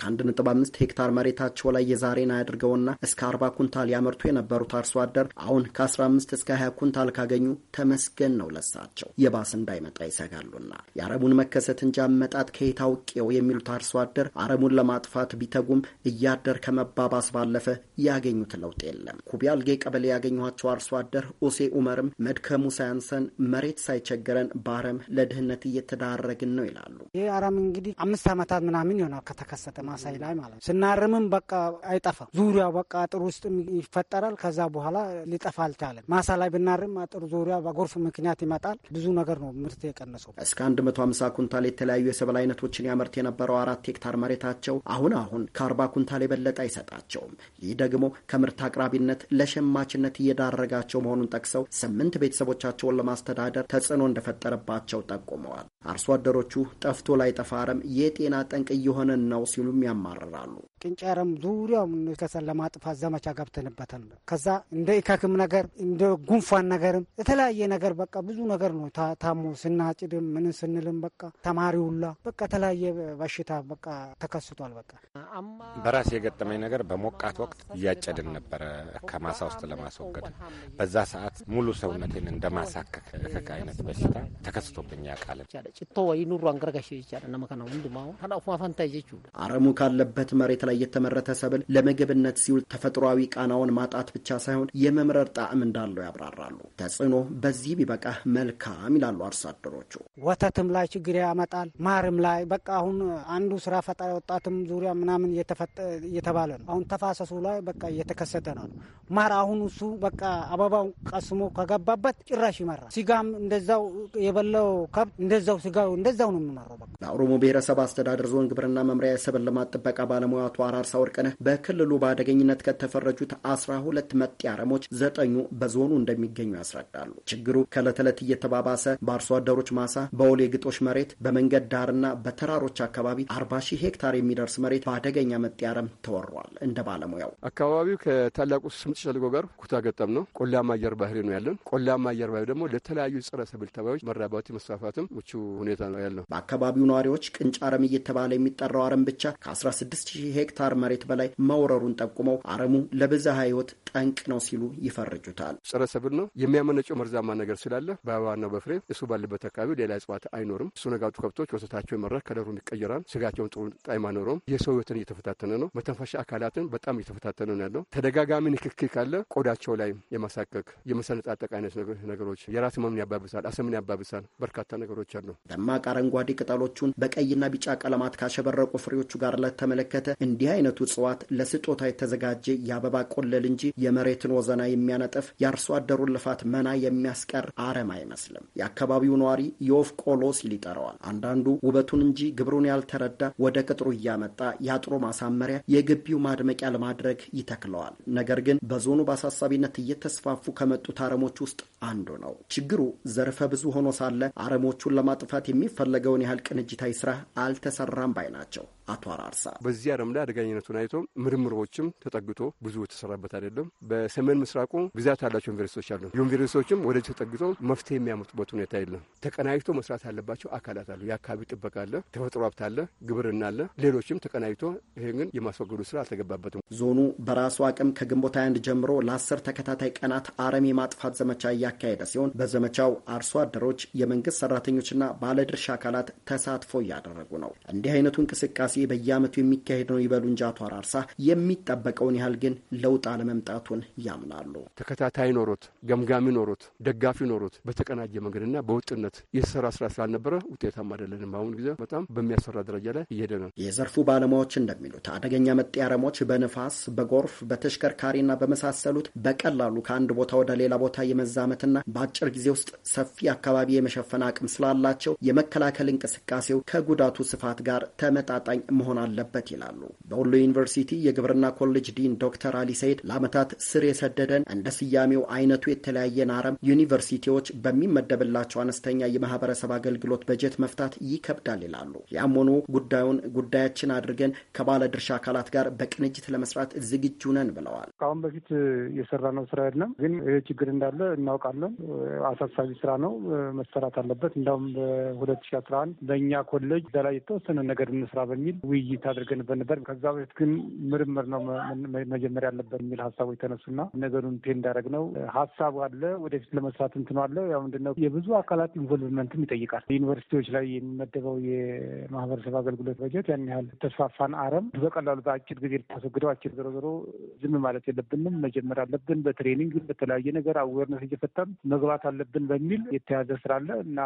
ከአንድ ነጥብ አምስት ሄክታር መሬታቸው ላይ የዛሬን አድርገውና እስከ አርባ ኩንታል ያመርቱ የነበሩት አርሶ አደር አሁን ከአስራ አምስት እስከ ሀያ ኩንታል ካገኙ ተመስገን ነው። ለሳቸው የባስ እንዳይመጣ ይሰጋሉና የአረሙን መከሰት እንጂ አመጣጥ ከየት አውቄው የሚሉት አርሶ አደር አረሙን ለማጥፋት ቢተጉም እያደር ከመባባስ ባለፈ ያገኙት ለውጥ የለም። ኩቢያልጌ አልጌ ቀበሌ ያገኘኋቸው አርሶ አደር ኡሴ ኡመርም መድከሙ ሳያንሰን መሬት ሳይቸግረን በአረም ለድህነት እየተዳረግን ነው ይላሉ። ይህ አረም እንግዲህ አምስት ዓመታት ምናምን ይሆናል ከተከሰተ ማሳይ ላይ ማለት ነው። ስናርምም በቃ አይጠፋም። ዙሪያ በቃ አጥር ውስጥ ይፈጠራል። ከዛ በኋላ ሊጠፋ አልቻለም። ማሳ ላይ ብናርም አጥር ዙሪያ በጎርፍ ምክንያት ይመጣል። ብዙ ነገር ነው ምርት የቀነሰው። እስከ 150 ኩንታል የተለያዩ የሰብል አይነቶችን ያመርት የነበረው አራት ሄክታር መሬታቸው አሁን አሁን ከ40 ኩንታል የበለጠ አይሰጣቸውም። ይህ ደግሞ ደግሞ ከምርት አቅራቢነት ለሸማችነት እየዳረጋቸው መሆኑን ጠቅሰው ስምንት ቤተሰቦቻቸውን ለማስተዳደር ተጽዕኖ እንደፈጠረባቸው ጠቁመዋል። አርሶ አደሮቹ ጠፍቶ ላይ ጠፋረም የጤና ጠንቅ እየሆነን ነው ሲሉም ያማርራሉ። ቅንጨረም ዙሪያው ከሰል ለማጥፋት ዘመቻ ገብተንበታል። ከዛ እንደ ኢካክም ነገር እንደ ጉንፋን ነገርም የተለያየ ነገር በቃ ብዙ ነገር ነው። ታሞ ስናጭድም ምን ስንልም በቃ ተማሪውላ በቃ የተለያየ በሽታ በቃ ተከስቷል። በቃ በራሴ የገጠመኝ ነገር በሞቃት ወቅት እያጨድን ነበረ ከማሳ ውስጥ ለማስወገድ በዛ ሰዓት ሙሉ ሰውነቴን እንደማሳከክ እከክ አይነት በሽታ ተከስቶብኝ ያውቃል። አረሙ ካለበት መሬት ላይ የተመረተ ሰብል ለምግብነት ሲውል ተፈጥሯዊ ቃናውን ማጣት ብቻ ሳይሆን የመምረር ጣዕም እንዳለው ያብራራሉ። ተጽዕኖ በዚህ ቢበቃ መልካም ይላሉ አርሶ አደሮቹ። ወተትም ላይ ችግር ያመጣል፣ ማርም ላይ በቃ አሁን አንዱ ስራ ፈጣሪ ወጣትም ዙሪያ ምናምን እየተባለ ነው። አሁን ተፋሰሱ ላይ በቃ እየተከሰተ ነው። ማር አሁን እሱ በቃ አበባው ቀስሞ ከገባበት ጭራሽ ይመራል። ስጋም እንደዛው የበላው ከብት እንደዛው ስጋው እንደዛው ነው የሚመራው። በቃ ለኦሮሞ ብሔረሰብ አስተዳደር ዞን ግብርና መምሪያ የሰብል ልማት ጥበቃ ባለሙያ አራርሳ ወርቅነህ በክልሉ በአደገኝነት ከተፈረጁት አስራ ሁለት መጤ አረሞች ዘጠኙ በዞኑ እንደሚገኙ ያስረዳሉ። ችግሩ ከዕለት እየተባባሰ በአርሶ አደሮች ማሳ፣ በወሌ ግጦሽ መሬት፣ በመንገድ ዳርና በተራሮች አካባቢ አርባ ሺህ ሄክታር የሚደርስ መሬት በአደገኛ መጤ አረም ተወሯል። እንደ ባለሙያው አካባቢው ከታላቁ ስምጥ ሸለቆ ጋር ኩታ ገጠም ነው። ቆላማ አየር ባህሪ ነው ያለን። ቆላማ አየር ባህሪ ደግሞ ለተለያዩ ጸረ ሰብል ተባዮች መራባት መስፋፋትም ምቹ ሁኔታ ነው ያለው። በአካባቢው ነዋሪዎች ቅንጫ አረም እየተባለ የሚጠራው አረም ብቻ ከ16 ሺህ ሄክታር መሬት በላይ መውረሩን ጠቁመው አረሙ ለብዝሃ ህይወት ጠንቅ ነው ሲሉ ይፈርጁታል። ጸረ ሰብል ነው የሚያመነጨው መርዛማ ነገር ስላለ በአበባና በፍሬ እሱ ባለበት አካባቢ ሌላ እጽዋት አይኖርም። እሱ ነጋጡ ከብቶች ወተታቸው ይመራል፣ ከለሩን ይቀየራል፣ ስጋቸውን ጥሩ ጣዕም አይኖረውም። የሰው ህይወትን እየተፈታተነ ነው። መተንፈሻ አካላትን በጣም እየተፈታተነ ነው ያለው። ተደጋጋሚ ንክክል ካለ ቆዳቸው ላይ የማሳከክ የመሰነጣጠቅ አይነት ነገሮች የራስ መምን ያባብሳል፣ አሰምን ያባብሳል። በርካታ ነገሮች አሉ። ደማቅ አረንጓዴ ቅጠሎቹን በቀይና ቢጫ ቀለማት ካሸበረቁ ፍሬዎቹ ጋር ለተመለከተ እንዲ እንዲህ አይነቱ እጽዋት ለስጦታ የተዘጋጀ የአበባ ቆለል እንጂ የመሬትን ወዘና የሚያነጥፍ የአርሶ አደሩን ልፋት መና የሚያስቀር አረም አይመስልም። የአካባቢው ነዋሪ የወፍ ቆሎ ሲል ይጠራዋል። አንዳንዱ ውበቱን እንጂ ግብሩን ያልተረዳ ወደ ቅጥሩ እያመጣ የአጥሮ ማሳመሪያ የግቢው ማድመቂያ ለማድረግ ይተክለዋል። ነገር ግን በዞኑ በአሳሳቢነት እየተስፋፉ ከመጡት አረሞች ውስጥ አንዱ ነው። ችግሩ ዘርፈ ብዙ ሆኖ ሳለ አረሞቹን ለማጥፋት የሚፈለገውን ያህል ቅንጅታዊ ስራ አልተሰራም ባይ ናቸው። አቶ አራርሳ በዚህ አረም ላይ አደጋኝነቱን አይቶ ምርምሮችም ተጠግቶ ብዙ የተሰራበት አይደለም። በሰሜን ምስራቁ ብዛት ያላቸው ዩኒቨርሲቲዎች አሉ። ዩኒቨርሲቲዎችም ወደዚህ ተጠግቶ መፍትሄ የሚያመጡበት ሁኔታ የለም። ተቀናጅቶ መስራት ያለባቸው አካላት አሉ። የአካባቢ ጥበቃ አለ፣ ተፈጥሮ ሀብት አለ፣ ግብርና አለ፣ ሌሎችም ተቀናጅቶ ይሄ ግን የማስወገዱ ስራ አልተገባበትም። ዞኑ በራሱ አቅም ከግንቦት አንድ ጀምሮ ለአስር ተከታታይ ቀናት አረም የማጥፋት ዘመቻ እያካሄደ ሲሆን በዘመቻው አርሶ አደሮች፣ የመንግስት ሰራተኞችና ባለድርሻ አካላት ተሳትፎ እያደረጉ ነው። እንዲህ አይነቱ እንቅስቃሴ በየአመቱ የሚካሄድ ነው ይበሉ እንጂ አቶ አራርሳ የሚጠበቀውን ያህል ግን ለውጥ አለመምጣቱን ያምናሉ። ተከታታይ ኖሮት፣ ገምጋሚ ኖሮት፣ ደጋፊ ኖሮት በተቀናጀ መንገድና በውጥነት የተሰራ ስራ ስላልነበረ ውጤታማ አይደለንም። በአሁኑ ጊዜ በጣም በሚያሰራ ደረጃ ላይ እየሄደ ነው። የዘርፉ ባለሙያዎች እንደሚሉት አደገኛ መጤ አረሞች በንፋስ፣ በጎርፍ፣ በተሽከርካሪና በመሳሰሉት በቀላሉ ከአንድ ቦታ ወደ ሌላ ቦታ የመዛመትና በአጭር ጊዜ ውስጥ ሰፊ አካባቢ የመሸፈን አቅም ስላላቸው የመከላከል እንቅስቃሴው ከጉዳቱ ስፋት ጋር ተመጣጣኝ መሆን አለበት ይላሉ። በወሎ ዩኒቨርሲቲ የግብርና ኮሌጅ ዲን ዶክተር አሊ ሰይድ ለዓመታት ስር የሰደደን እንደ ስያሜው አይነቱ የተለያየን አረም ዩኒቨርሲቲዎች በሚመደብላቸው አነስተኛ የማህበረሰብ አገልግሎት በጀት መፍታት ይከብዳል ይላሉ። ያም ሆኖ ጉዳዩን ጉዳያችን አድርገን ከባለ ድርሻ አካላት ጋር በቅንጅት ለመስራት ዝግጁ ነን ብለዋል። ከአሁን በፊት የሰራ ነው ስራ የለም፣ ግን ይህ ችግር እንዳለ እናውቃለን። አሳሳቢ ስራ ነው፣ መሰራት አለበት። እንዲሁም በሁለት ሺ አስራ አንድ በእኛ ኮሌጅ እዛ ላይ የተወሰነ ነገር እንስራ በሚል የሚል ውይይት አድርገንበት ነበር። ከዛ በፊት ግን ምርምር ነው መጀመሪያ ያለበት የሚል ሀሳቦች ተነሱና ነገሩን ቴ እንዳደረግ ነው ሀሳቡ አለ። ወደፊት ለመስራት እንትኑ አለ። ያው ምንድነው የብዙ አካላት ኢንቮልቭመንትም ይጠይቃል። ዩኒቨርሲቲዎች ላይ የሚመደበው የማህበረሰብ አገልግሎት በጀት ያን ያህል ተስፋፋን አረም በቀላሉ በአጭር ጊዜ ልታስወግደው አጭር ዞሮ ዞሮ ዝም ማለት የለብንም መጀመር አለብን። በትሬኒንግ በተለያየ ነገር አዌርነስ እየፈጠም መግባት አለብን በሚል የተያዘ ስራ አለ እና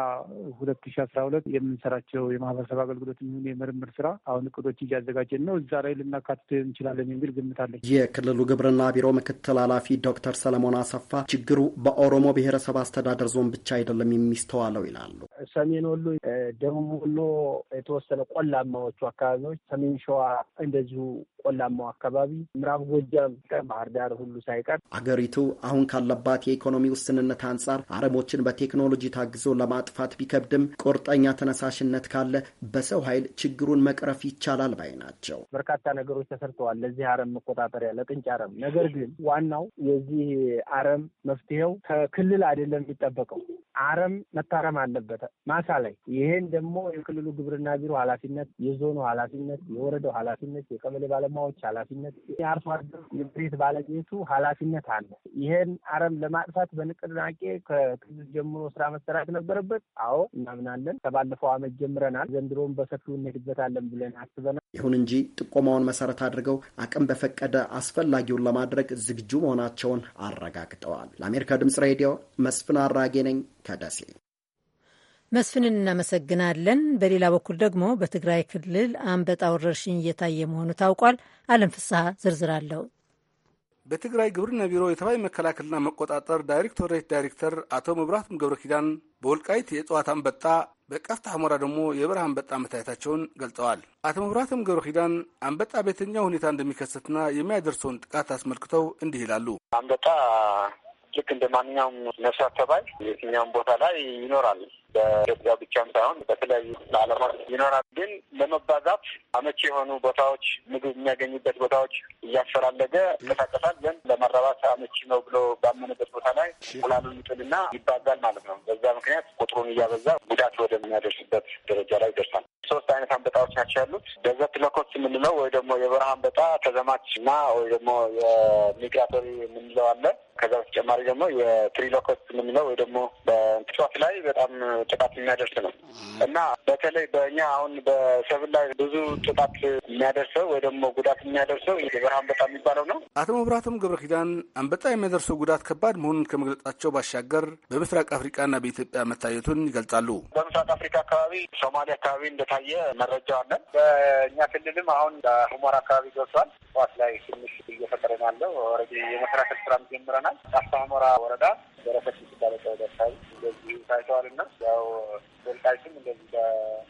ሁለት ሺ አስራ ሁለት የምንሰራቸው የማህበረሰብ አገልግሎት የሚሆን የምርምር ስራ አሁን እቅዶች እያዘጋጀን ነው። እዛ ላይ ልናካትት እንችላለን የሚል ግምት አለኝ። የክልሉ ግብርና ቢሮ ምክትል ኃላፊ ዶክተር ሰለሞን አሰፋ ችግሩ በኦሮሞ ብሔረሰብ አስተዳደር ዞን ብቻ አይደለም የሚስተዋለው ይላሉ። ሰሜን ወሎ፣ ደቡብ ወሎ፣ የተወሰነ ቆላማዎቹ አካባቢዎች፣ ሰሜን ሸዋ እንደዚሁ ቆላማው አካባቢ፣ ምዕራብ ጎጃም፣ ባህር ዳር ሁሉ ሳይቀር አገሪቱ አሁን ካለባት የኢኮኖሚ ውስንነት አንጻር አረሞችን በቴክኖሎጂ ታግዞ ለማጥፋት ቢከብድም ቁርጠኛ ተነሳሽነት ካለ በሰው ኃይል ችግሩን መቅረፍ ይቻላል ባይ ናቸው። በርካታ ነገሮች ተሰርተዋል ለዚህ አረም መቆጣጠሪያ ለጥንጭ አረም። ነገር ግን ዋናው የዚህ አረም መፍትሄው ከክልል አይደለም የሚጠበቀው አረም መታረም አለበት ማሳ ላይ። ይሄን ደግሞ የክልሉ ግብርና ቢሮ ኃላፊነት፣ የዞኑ ኃላፊነት፣ የወረዳው ኃላፊነት፣ የቀበሌ ባለሙያዎች ኃላፊነት፣ የአርሶ አደር የመሬት ባለቤቱ ኃላፊነት አለ። ይሄን አረም ለማጥፋት በንቅናቄ ከክልል ጀምሮ ስራ መሰራት ነበረበት። አዎ እናምናለን። ከባለፈው ዓመት ጀምረናል። ዘንድሮም በሰፊው እንሄድበታለን ብለን አስበናል። ይሁን እንጂ ጥቆማውን መሰረት አድርገው አቅም በፈቀደ አስፈላጊውን ለማድረግ ዝግጁ መሆናቸውን አረጋግጠዋል። ለአሜሪካ ድምጽ ሬዲዮ መስፍን አራጌ ነኝ ከደሴ። መስፍንን እናመሰግናለን። በሌላ በኩል ደግሞ በትግራይ ክልል አንበጣ ወረርሽኝ እየታየ መሆኑ ታውቋል። አለም ፍስሐ ዝርዝር አለው። በትግራይ ግብርና ቢሮ የተባይ መከላከልና መቆጣጠር ዳይሬክቶሬት ዳይሬክተር አቶ መብራትም ገብረ ኪዳን በወልቃይት የእጽዋት አንበጣ በቀፍታ ሑመራ ደግሞ የበረሃ አንበጣ መታየታቸውን ገልጠዋል። አቶ መብራትም ገብረ ኪዳን አንበጣ በየትኛው ሁኔታ እንደሚከሰትና የሚያደርሰውን ጥቃት አስመልክተው እንዲህ ይላሉ። አንበጣ ልክ እንደ ማንኛውም ነፍሳት ተባይ የትኛውም ቦታ ላይ ይኖራል። በኢትዮጵያ ብቻም ሳይሆን በተለያዩ ዓለማት ይኖራል። ግን ለመባዛት አመቺ የሆኑ ቦታዎች፣ ምግብ የሚያገኙበት ቦታዎች እያፈላለገ ይንቀሳቀሳል። ግን ለመረባት አመቺ ነው ብሎ ባመነበት ቦታ ላይ እንቁላሉን ይጥልና ይባዛል ማለት ነው። በዛ ምክንያት ቁጥሩን እያበዛ ጉዳት ወደሚያደርስበት ደረጃ ላይ ይደርሳል። ሶስት አይነት አንበጣዎች ናቸው ያሉት። ደዘርት ለኮት የምንለው ወይ ደግሞ የበረሃ አንበጣ ተዘማች እና ወይ ደግሞ የሚግራቶሪ የምንለው አለ ከዛ በተጨማሪ ደግሞ የትሪሎኮስት የምንለው ወይ ደግሞ በእንቅስቃሴ ላይ በጣም ጥቃት የሚያደርስ ነው እና በተለይ በእኛ አሁን በሰብል ላይ ብዙ ጥቃት የሚያደርሰው ወይ ደግሞ ጉዳት የሚያደርሰው የበረሃ አንበጣ የሚባለው ነው። አቶ መብራቱም ገብረ ኪዳን አንበጣ የሚያደርሰው ጉዳት ከባድ መሆኑን ከመግለጻቸው ባሻገር በምስራቅ አፍሪካና በኢትዮጵያ መታየቱን ይገልጻሉ። በምስራቅ አፍሪካ አካባቢ፣ ሶማሌ አካባቢ እንደታየ መረጃ አለን። በእኛ ክልልም አሁን በሁመራ አካባቢ ገብቷል። ጠዋት ላይ ትንሽ እየፈጠረ ያለው የመከላከል ስራም ጀምረናል። ይባላል። አሳሞራ ወረዳ በረከት ሲባል አካባቢ እንደዚህ ታይተዋል እና ያው ወልቃይትም እንደዚህ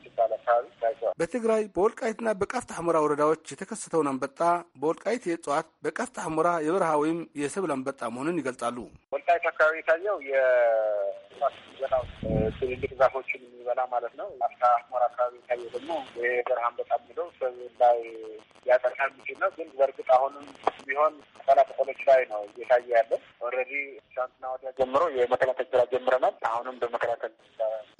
ሲባል አካባቢ ታይተዋል። በትግራይ በወልቃይትና በቃፍታ ሁመራ ወረዳዎች የተከሰተውን አንበጣ በወልቃይት የእጽዋት በቃፍታ ሁመራ የበረሃ ወይም የሰብል አንበጣ መሆኑን ይገልጻሉ። ወልቃይት አካባቢ የታየው የትልልቅ ዛፎችን የሚበላ ማለት ነው። ቃፍታ ሁመራ አካባቢ የታየው ደግሞ የበረሃ አንበጣ የሚለው ሰብል ላይ ያጠቃ የሚችል ነው። ግን በእርግጥ አሁንም ቢሆን ቅጠላ ላይ ነው እየታየ ያለን ኦልሬዲ ትናንትና ወዲያ ጀምሮ የመከላከል ስራ ጀምረናል። አሁንም በመከላከል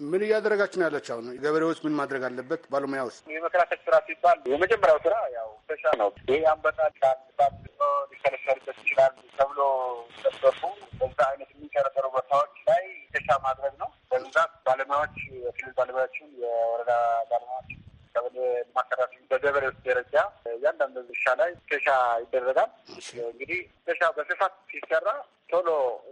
ምን እያደረጋችን ያለች አሁን ገበሬዎች ምን ማድረግ አለበት? ባለሙያ ውስጥ የመከላከል ስራ ሲባል የመጀመሪያው ስራ ያው ሻ ነው። ይህ አንበጣ ሊከለከልበት ይችላል ተብሎ ሰበፉ በዛ አይነት የሚንጨረጠሩ ቦታዎች ላይ ሻ ማድረግ ነው። በብዛት ባለሙያዎች የክልል ባለሙያዎችን የወረዳ ባለሙያዎች ማሰራት በገበሬዎች ደረጃ እያንዳንዱ እርሻ ላይ ኬሻ ይደረጋል። እንግዲህ ኬሻ በስፋት ሲሰራ ቶሎ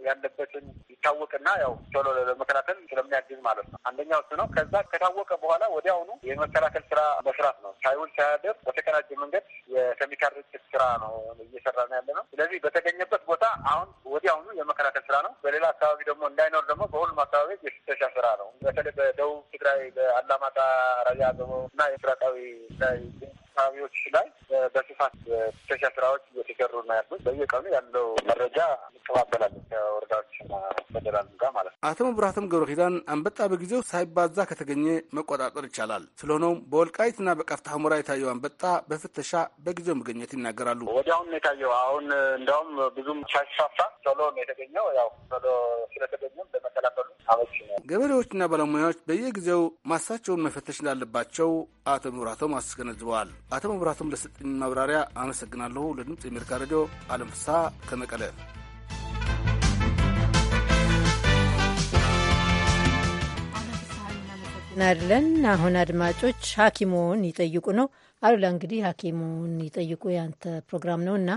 ያለበትን ይታወቅና ያው ቶሎ ለመከላከል ስለሚያግዝ ማለት ነው። አንደኛው እሱ ነው። ከዛ ከታወቀ በኋላ ወዲያውኑ የመከላከል ስራ መስራት ነው። ሳይውል ሳያደር በተቀናጀ መንገድ የኬሚካል ርጭት ስራ ነው እየሰራ ነው ያለ ነው። ስለዚህ በተገኘበት ቦታ አሁን ወዲያውኑ የመከላከል ስራ ነው። በሌላ አካባቢ ደግሞ እንዳይኖር ደግሞ በሁሉም አካባቢ የፍተሻ ስራ ነው። በተለይ በደቡብ ትግራይ፣ በአላማጣ፣ ራያ አዘቦ እና የምስራቃዊ ላይ አካባቢዎች ላይ በስፋት ፍተሻ ስራዎች እየተሰሩ ነው ያሉት። በየቀኑ ያለው መረጃ እንቀባበላለን ከወረዳዎችና ፌደራል ጋር ማለት ነው። አቶ መብራትም ገብረ ኪዳን አንበጣ በጊዜው ሳይባዛ ከተገኘ መቆጣጠር ይቻላል። ስለሆነውም በወልቃይትና በቀፍታ ሁመራ የታየው አንበጣ በፍተሻ በጊዜው መገኘት ይናገራሉ። ወዲያውኑ የታየው አሁን እንዲያውም ብዙም ሳይስፋፋ ቶሎ ነው የተገኘው። ያው ቶሎ ስለተገኘም ለመከላከሉ ገበሬዎችና ባለሙያዎች በየጊዜው ማሳቸውን መፈተሽ እንዳለባቸው አቶ መብራቶም አስገነዝበዋል። አቶ መብራቱም ለሰጠኝ ማብራሪያ አመሰግናለሁ። ለድምፅ የአሜሪካ ሬዲዮ አለም ፍስሀ ከመቀለ። እናድለን። አሁን አድማጮች ሐኪሙን ይጠይቁ ነው። አሉላ እንግዲህ ሐኪሙን ይጠይቁ ያንተ ፕሮግራም ነው እና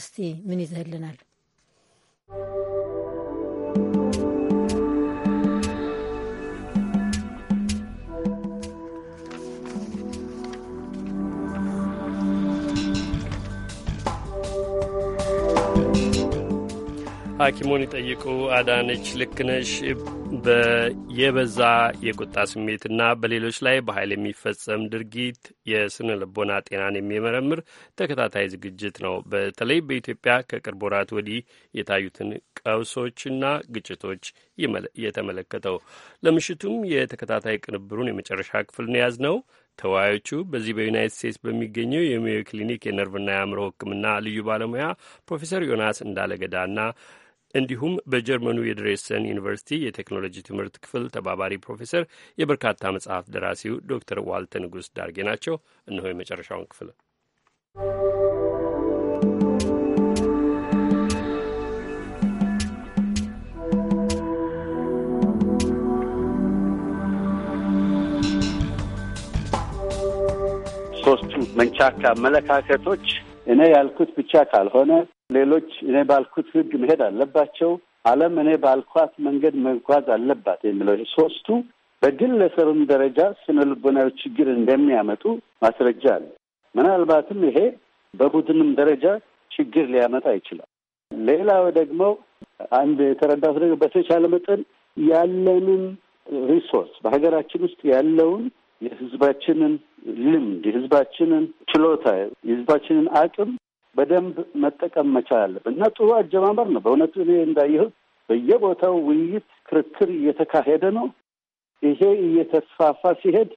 እስቲ ምን ይዘህልናል? ሐኪሙን ይጠይቁ አዳነች ልክነሽ የበዛ የቁጣ ስሜትና በሌሎች ላይ በኃይል የሚፈጸም ድርጊት የስነ ልቦና ጤናን የሚመረምር ተከታታይ ዝግጅት ነው። በተለይ በኢትዮጵያ ከቅርብ ወራት ወዲህ የታዩትን ቀውሶችና ግጭቶች የተመለከተው ለምሽቱም የተከታታይ ቅንብሩን የመጨረሻ ክፍል ነው ነው። ተወያዮቹ በዚህ በዩናይትድ ስቴትስ በሚገኘው የሜዮ ክሊኒክ የነርቭና የአእምሮ ሕክምና ልዩ ባለሙያ ፕሮፌሰር ዮናስ እንዳለገዳና እንዲሁም በጀርመኑ የድሬሰን ዩኒቨርሲቲ የቴክኖሎጂ ትምህርት ክፍል ተባባሪ ፕሮፌሰር የበርካታ መጽሐፍ ደራሲው ዶክተር ዋልተ ንጉሥ ዳርጌ ናቸው። እነሆ የመጨረሻውን ክፍል ሶስቱ መንቻካ አመለካከቶች እኔ ያልኩት ብቻ ካልሆነ ሌሎች እኔ ባልኩት ህግ መሄድ አለባቸው፣ አለም እኔ ባልኳት መንገድ መጓዝ አለባት የሚለው ሶስቱ በግለሰብም ደረጃ ስነ ልቦናዊ ችግር እንደሚያመጡ ማስረጃ አለ። ምናልባትም ይሄ በቡድንም ደረጃ ችግር ሊያመጣ ይችላል። ሌላው ደግሞ አንድ የተረዳሁት ነገር በተቻለ መጠን ያለንን ሪሶርስ በሀገራችን ውስጥ ያለውን የህዝባችንን ልምድ፣ የህዝባችንን ችሎታ፣ የህዝባችንን አቅም በደንብ መጠቀም መቻል አለብን እና ጥሩ አጀማመር ነው። በእውነቱ እኔ እንዳየሁት በየቦታው ውይይት፣ ክርክር እየተካሄደ ነው። ይሄ እየተስፋፋ ሲሄድ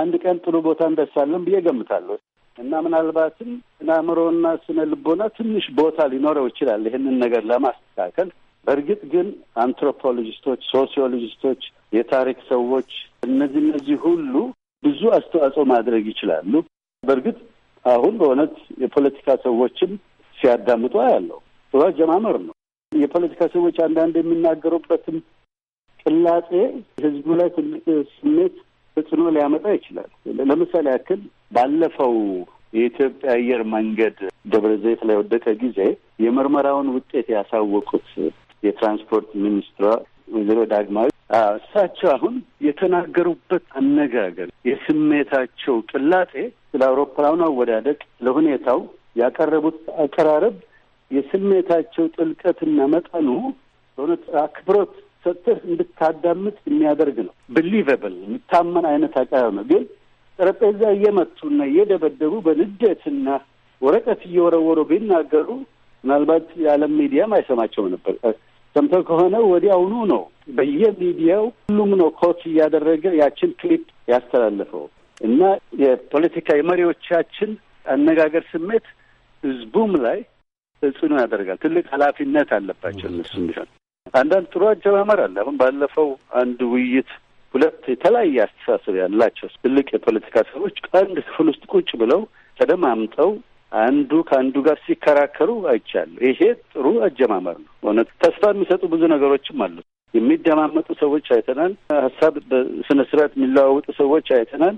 አንድ ቀን ጥሩ ቦታ እንደሳለን ብዬ ገምታለሁ እና ምናልባትም ስናምሮና ስነ ልቦና ትንሽ ቦታ ሊኖረው ይችላል ይህንን ነገር ለማስተካከል። በእርግጥ ግን አንትሮፖሎጂስቶች፣ ሶሲዮሎጂስቶች፣ የታሪክ ሰዎች እነዚህ እነዚህ ሁሉ ብዙ አስተዋጽኦ ማድረግ ይችላሉ። በእርግጥ አሁን በእውነት የፖለቲካ ሰዎችም ሲያዳምጡ አያለው። ጥሩ አጀማመር ነው። የፖለቲካ ሰዎች አንዳንድ የሚናገሩበትም ቅላጤ ህዝቡ ላይ ትልቅ ስሜት ተጽዕኖ ሊያመጣ ይችላል። ለምሳሌ ያክል ባለፈው የኢትዮጵያ አየር መንገድ ደብረ ዘይት ላይ ወደቀ ጊዜ የምርመራውን ውጤት ያሳወቁት የትራንስፖርት ሚኒስትሯ ወይዘሮ ዳግማዊ እሳቸው አሁን የተናገሩበት አነጋገር የስሜታቸው ቅላጤ ስለ አውሮፕላኑ አወዳደቅ ለሁኔታው ያቀረቡት አቀራረብ የስሜታቸው ጥልቀትና መጠኑ በእውነት አክብሮት ሰጥተህ እንድታዳምጥ የሚያደርግ ነው። ብሊቨብል የሚታመን አይነት አቀራረብ ነው። ግን ጠረጴዛ እየመቱና እየደበደቡ በንዴትና ወረቀት እየወረወሩ ቢናገሩ ምናልባት የዓለም ሚዲያም አይሰማቸውም ነበር። ሰምተው ከሆነ ወዲያውኑ ነው በየሚዲያው ሁሉም ነው ኮት እያደረገ ያችን ክሊፕ ያስተላለፈው እና የፖለቲካ የመሪዎቻችን አነጋገር ስሜት ህዝቡም ላይ ተጽዕኖ ያደርጋል። ትልቅ ኃላፊነት አለባቸው እነሱ ቢሆን አንዳንድ ጥሩ አጀማመር አለ። አሁን ባለፈው አንድ ውይይት ሁለት የተለያየ አስተሳሰብ ያላቸው ትልቅ የፖለቲካ ሰዎች አንድ ክፍል ውስጥ ቁጭ ብለው ተደማምጠው አንዱ ከአንዱ ጋር ሲከራከሩ አይቻለሁ። ይሄ ጥሩ አጀማመር ነው። እውነት ተስፋ የሚሰጡ ብዙ ነገሮችም አሉ። የሚደማመጡ ሰዎች አይተናል። ሀሳብ በስነ ስርዓት የሚለዋወጡ ሰዎች አይተናል።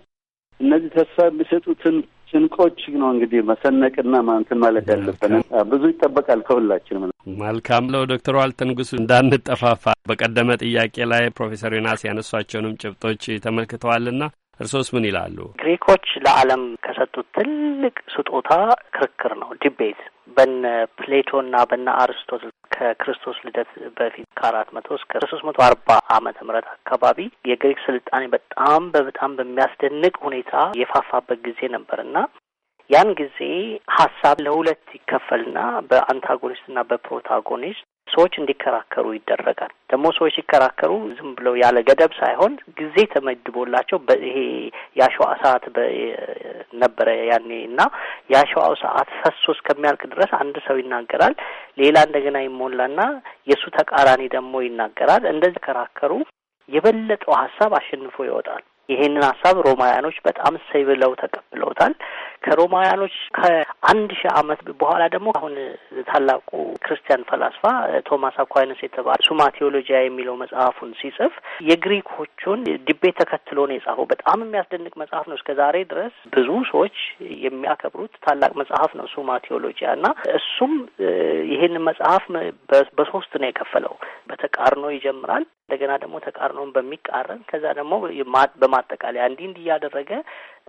እነዚህ ተስፋ የሚሰጡትን ጭንቆች ነው እንግዲህ መሰነቅና ማንትን ማለት ያለብን ብዙ ይጠበቃል ከሁላችንም። መልካም ለው ዶክተር ዋልተንጉሱ እንዳንጠፋፋ በቀደመ ጥያቄ ላይ ፕሮፌሰር ዮናስ ያነሷቸውንም ጭብጦች ተመልክተዋልና እርሶስ ምን ይላሉ? ግሪኮች ለዓለም ከሰጡት ትልቅ ስጦታ ክርክር ነው፣ ዲቤት በነ ፕሌቶና በነ አርስቶትል ከክርስቶስ ልደት በፊት ከአራት መቶ እስከ ሶስት መቶ አርባ አመተ ምህረት አካባቢ የግሪክ ስልጣኔ በጣም በጣም በሚያስደንቅ ሁኔታ የፋፋበት ጊዜ ነበር እና ያን ጊዜ ሀሳብ ለሁለት ይከፈልና በአንታጎኒስትና በፕሮታጎኒስት ሰዎች እንዲከራከሩ ይደረጋል። ደግሞ ሰዎች ሲከራከሩ ዝም ብለው ያለ ገደብ ሳይሆን ጊዜ ተመድቦላቸው በይሄ የአሸዋ ሰዓት ነበረ ያኔ እና የአሸዋው ሰዓት ፈሶ እስከሚያልቅ ድረስ አንድ ሰው ይናገራል፣ ሌላ እንደገና ይሞላና የእሱ ተቃራኒ ደግሞ ይናገራል። እንደዚህ ከራከሩ የበለጠው ሀሳብ አሸንፎ ይወጣል። ይሄንን ሀሳብ ሮማውያኖች በጣም እሰይ ብለው ተቀብለውታል። ከሮማውያኖች ከአንድ ሺህ ዓመት በኋላ ደግሞ አሁን ታላቁ ክርስቲያን ፈላስፋ ቶማስ አኳይነስ የተባለ ሱማ ቴዎሎጂያ የሚለው መጽሐፉን ሲጽፍ የግሪኮቹን ዲቤት ተከትሎ ነው የጻፈው። በጣም የሚያስደንቅ መጽሐፍ ነው። እስከ ዛሬ ድረስ ብዙ ሰዎች የሚያከብሩት ታላቅ መጽሐፍ ነው ሱማ ቴዎሎጂያ እና እሱም ይሄንን መጽሐፍ በሶስት ነው የከፈለው። በተቃርኖ ይጀምራል። እንደገና ደግሞ ተቃርኖን በሚቃረን ከዛ ደግሞ በማጠቃለያ እንዲህ እንዲህ እያደረገ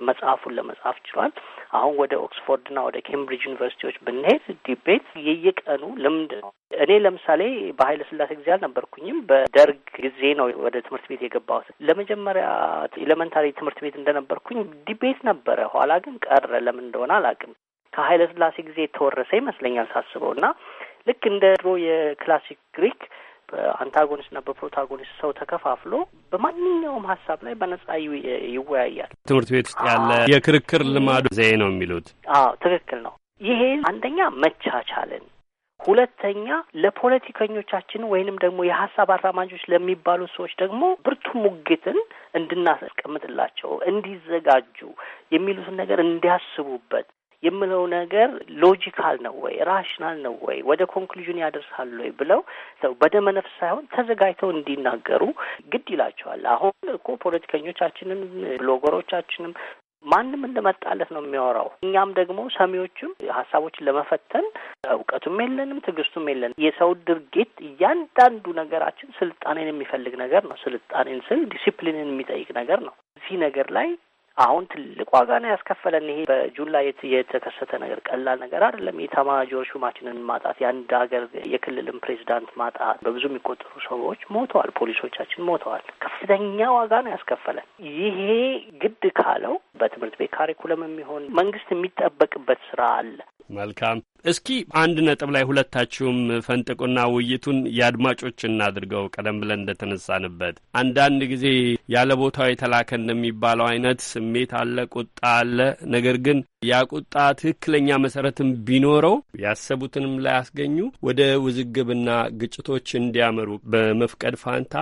መጽሐፉን ለመጻፍ ችሏል። አሁን ወደ ኦክስፎርድና ወደ ኬምብሪጅ ዩኒቨርሲቲዎች ብንሄድ ዲቤት የየቀኑ ልምድ ነው። እኔ ለምሳሌ በኃይለ ስላሴ ጊዜ አልነበርኩኝም። በደርግ ጊዜ ነው ወደ ትምህርት ቤት የገባሁት። ለመጀመሪያ ኤሌመንታሪ ትምህርት ቤት እንደነበርኩኝ ዲቤት ነበረ። ኋላ ግን ቀረ። ለምን እንደሆነ አላውቅም። ከኃይለ ስላሴ ጊዜ የተወረሰ ይመስለኛል ሳስበው እና ልክ እንደ ድሮ የክላሲክ ግሪክ በአንታጎኒስትና በፕሮታጎኒስት ሰው ተከፋፍሎ በማንኛውም ሀሳብ ላይ በነጻ ይወያያል። ትምህርት ቤት ውስጥ ያለ የክርክር ልማዱ ዘዬ ነው የሚሉት። አዎ ትክክል ነው። ይሄ አንደኛ መቻቻልን፣ ሁለተኛ ለፖለቲከኞቻችን ወይንም ደግሞ የሀሳብ አራማጆች ለሚባሉ ሰዎች ደግሞ ብርቱ ሙግትን እንድናስቀምጥላቸው እንዲዘጋጁ የሚሉትን ነገር እንዲያስቡበት የምለው ነገር ሎጂካል ነው ወይ ራሽናል ነው ወይ ወደ ኮንክሉዥን ያደርሳል ወይ ብለው ሰው በደመነፍስ ሳይሆን ተዘጋጅተው እንዲናገሩ ግድ ይላቸዋል። አሁን እኮ ፖለቲከኞቻችንም ብሎገሮቻችንም ማንም እንደመጣለት ነው የሚያወራው። እኛም ደግሞ ሰሚዎችም ሀሳቦችን ለመፈተን እውቀቱም የለንም፣ ትዕግስቱም የለንም። የሰው ድርጊት እያንዳንዱ ነገራችን ስልጣኔን የሚፈልግ ነገር ነው። ስልጣኔን ስል ዲሲፕሊንን የሚጠይቅ ነገር ነው። እዚህ ነገር ላይ አሁን ትልቅ ዋጋ ነው ያስከፈለን። ይሄ በጁን ላይ የተከሰተ ነገር ቀላል ነገር አይደለም። የኢታማዦር ሹማችንን ማጣት፣ የአንድ ሀገር የክልልን ፕሬዚዳንት ማጣት፣ በብዙ የሚቆጠሩ ሰዎች ሞተዋል፣ ፖሊሶቻችን ሞተዋል። ከፍተኛ ዋጋ ነው ያስከፈለን። ይሄ ግድ ካለው በትምህርት ቤት ካሪኩለም የሚሆን መንግስት የሚጠበቅበት ስራ አለ። መልካም እስኪ አንድ ነጥብ ላይ ሁለታችሁም ፈንጥቁና ውይይቱን የአድማጮች እናድርገው። ቀደም ብለን እንደተነሳንበት አንዳንድ ጊዜ ያለ ቦታው የተላከ እንደሚባለው አይነት ስሜት አለ፣ ቁጣ አለ። ነገር ግን ያ ቁጣ ትክክለኛ መሰረትም ቢኖረው ያሰቡትንም ላያስገኙ ወደ ውዝግብና ግጭቶች እንዲያመሩ በመፍቀድ ፋንታ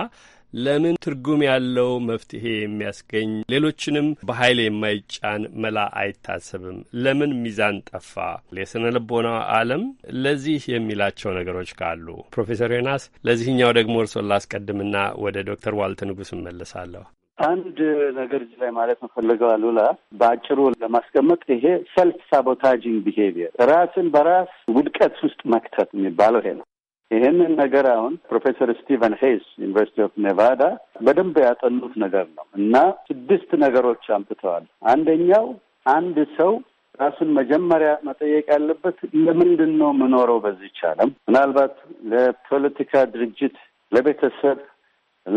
ለምን ትርጉም ያለው መፍትሄ የሚያስገኝ ሌሎችንም በኃይል የማይጫን መላ አይታሰብም? ለምን ሚዛን ጠፋ? የስነ ልቦና ዓለም ለዚህ የሚላቸው ነገሮች ካሉ ፕሮፌሰር ዮናስ ለዚህኛው ደግሞ እርሶ ላስቀድምና ወደ ዶክተር ዋልት ንጉስ እመለሳለሁ። አንድ ነገር እዚህ ላይ ማለት መፈለገው አሉላ በአጭሩ ለማስቀመጥ ይሄ ሰልፍ ሳቦታጂንግ ቢሄቪየር ራስን በራስ ውድቀት ውስጥ መክተት የሚባለው ይሄ ነው። ይህንን ነገር አሁን ፕሮፌሰር ስቲቨን ሄይስ ዩኒቨርሲቲ ኦፍ ኔቫዳ በደንብ ያጠኑት ነገር ነው እና ስድስት ነገሮች አምጥተዋል። አንደኛው አንድ ሰው ራሱን መጀመሪያ መጠየቅ ያለበት ለምንድን ነው የምኖረው በዚች ዓለም? ምናልባት ለፖለቲካ ድርጅት፣ ለቤተሰብ፣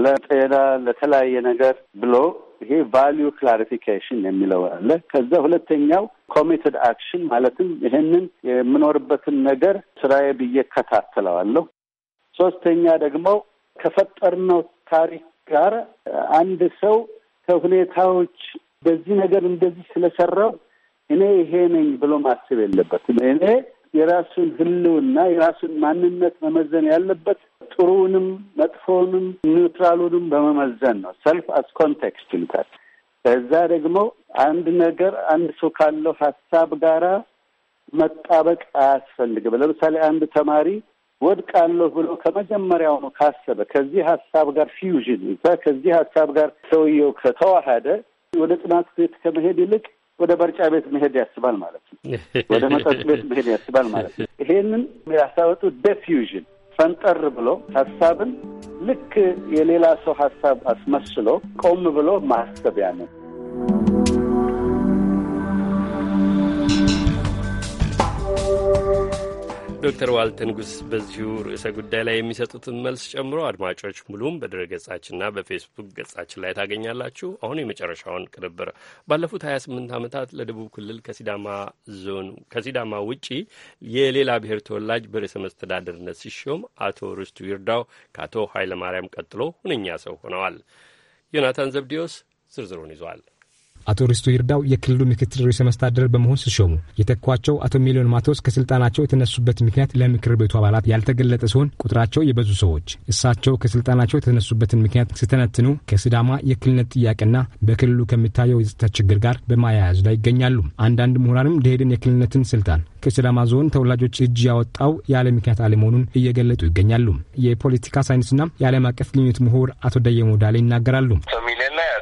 ለጤና ለተለያየ ነገር ብሎ ይሄ ቫሊዩ ክላሪፊኬሽን የሚለው አለ። ከዛ ሁለተኛው ኮሚትድ አክሽን ማለትም ይህንን የምኖርበትን ነገር ስራዬ ብዬ ከታተለዋለሁ። ሶስተኛ ደግሞ ከፈጠርነው ታሪክ ጋር አንድ ሰው ከሁኔታዎች በዚህ ነገር እንደዚህ ስለሰራው እኔ ይሄ ነኝ ብሎ ማስብ የለበትም። እኔ የራሱን ህልውና የራሱን ማንነት መመዘን ያለበት ጥሩውንም መጥፎውንም ኒውትራሉንም በመመዘን ነው። ሰልፍ አስ ኮንቴክስት ይሉታል። ከዛ ደግሞ አንድ ነገር አንድ ሰው ካለው ሀሳብ ጋራ መጣበቅ አያስፈልግም። ለምሳሌ አንድ ተማሪ ወድቃለሁ ብሎ ከመጀመሪያው ነው ካሰበ ከዚህ ሀሳብ ጋር ፊውዥን ከዚህ ሀሳብ ጋር ሰውየው ከተዋሃደ ወደ ጥናት ቤት ከመሄድ ይልቅ ወደ በርጫ ቤት መሄድ ያስባል ማለት ነው። ወደ መጠጥ ቤት መሄድ ያስባል ማለት ነው። ይሄንን ያስታወጡ ዲፊውዥን ፈንጠር ብሎ ሀሳብን ልክ የሌላ ሰው ሀሳብ አስመስሎ ቆም ብሎ ማሰቢያ ነው። ዶክተር ዋልተ ንጉስ በዚሁ ርዕሰ ጉዳይ ላይ የሚሰጡትን መልስ ጨምሮ አድማጮች ሙሉም ገጻችንና በፌስቡክ ገጻችን ላይ ታገኛላችሁ። አሁን የመጨረሻውን ቅንብር ባለፉት 28 ዓመታት ለደቡብ ክልል ከሲዳማ ዞን ከሲዳማ ውጪ የሌላ ብሔር ተወላጅ በርዕሰ መስተዳደርነት ሲሾም አቶ ርስቱ ይርዳው ከአቶ ኃይለማርያም ቀጥሎ ሁነኛ ሰው ሆነዋል። ዮናታን ዘብዲዮስ ዝርዝሩን ይዟል። አቶ ሪስቱ ይርዳው የክልሉ ምክትል ርዕሰ መስተዳደር በመሆን ሲሾሙ የተኳቸው አቶ ሚሊዮን ማቴዎስ ከስልጣናቸው የተነሱበት ምክንያት ለምክር ቤቱ አባላት ያልተገለጠ ሲሆን ቁጥራቸው የበዙ ሰዎች እሳቸው ከስልጣናቸው የተነሱበትን ምክንያት ስተነትኑ ከስዳማ የክልልነት ጥያቄና በክልሉ ከሚታየው የጸጥታ ችግር ጋር በማያያዝ ላይ ይገኛሉ። አንዳንድ ምሁራንም ደሄድን የክልልነትን ስልጣን ከሲዳማ ዞን ተወላጆች እጅ ያወጣው ያለ ምክንያት አለመሆኑን እየገለጡ ይገኛሉ። የፖለቲካ ሳይንስና የዓለም አቀፍ ግንኙነት ምሁር አቶ ደየሞ ዳሌ ይናገራሉ።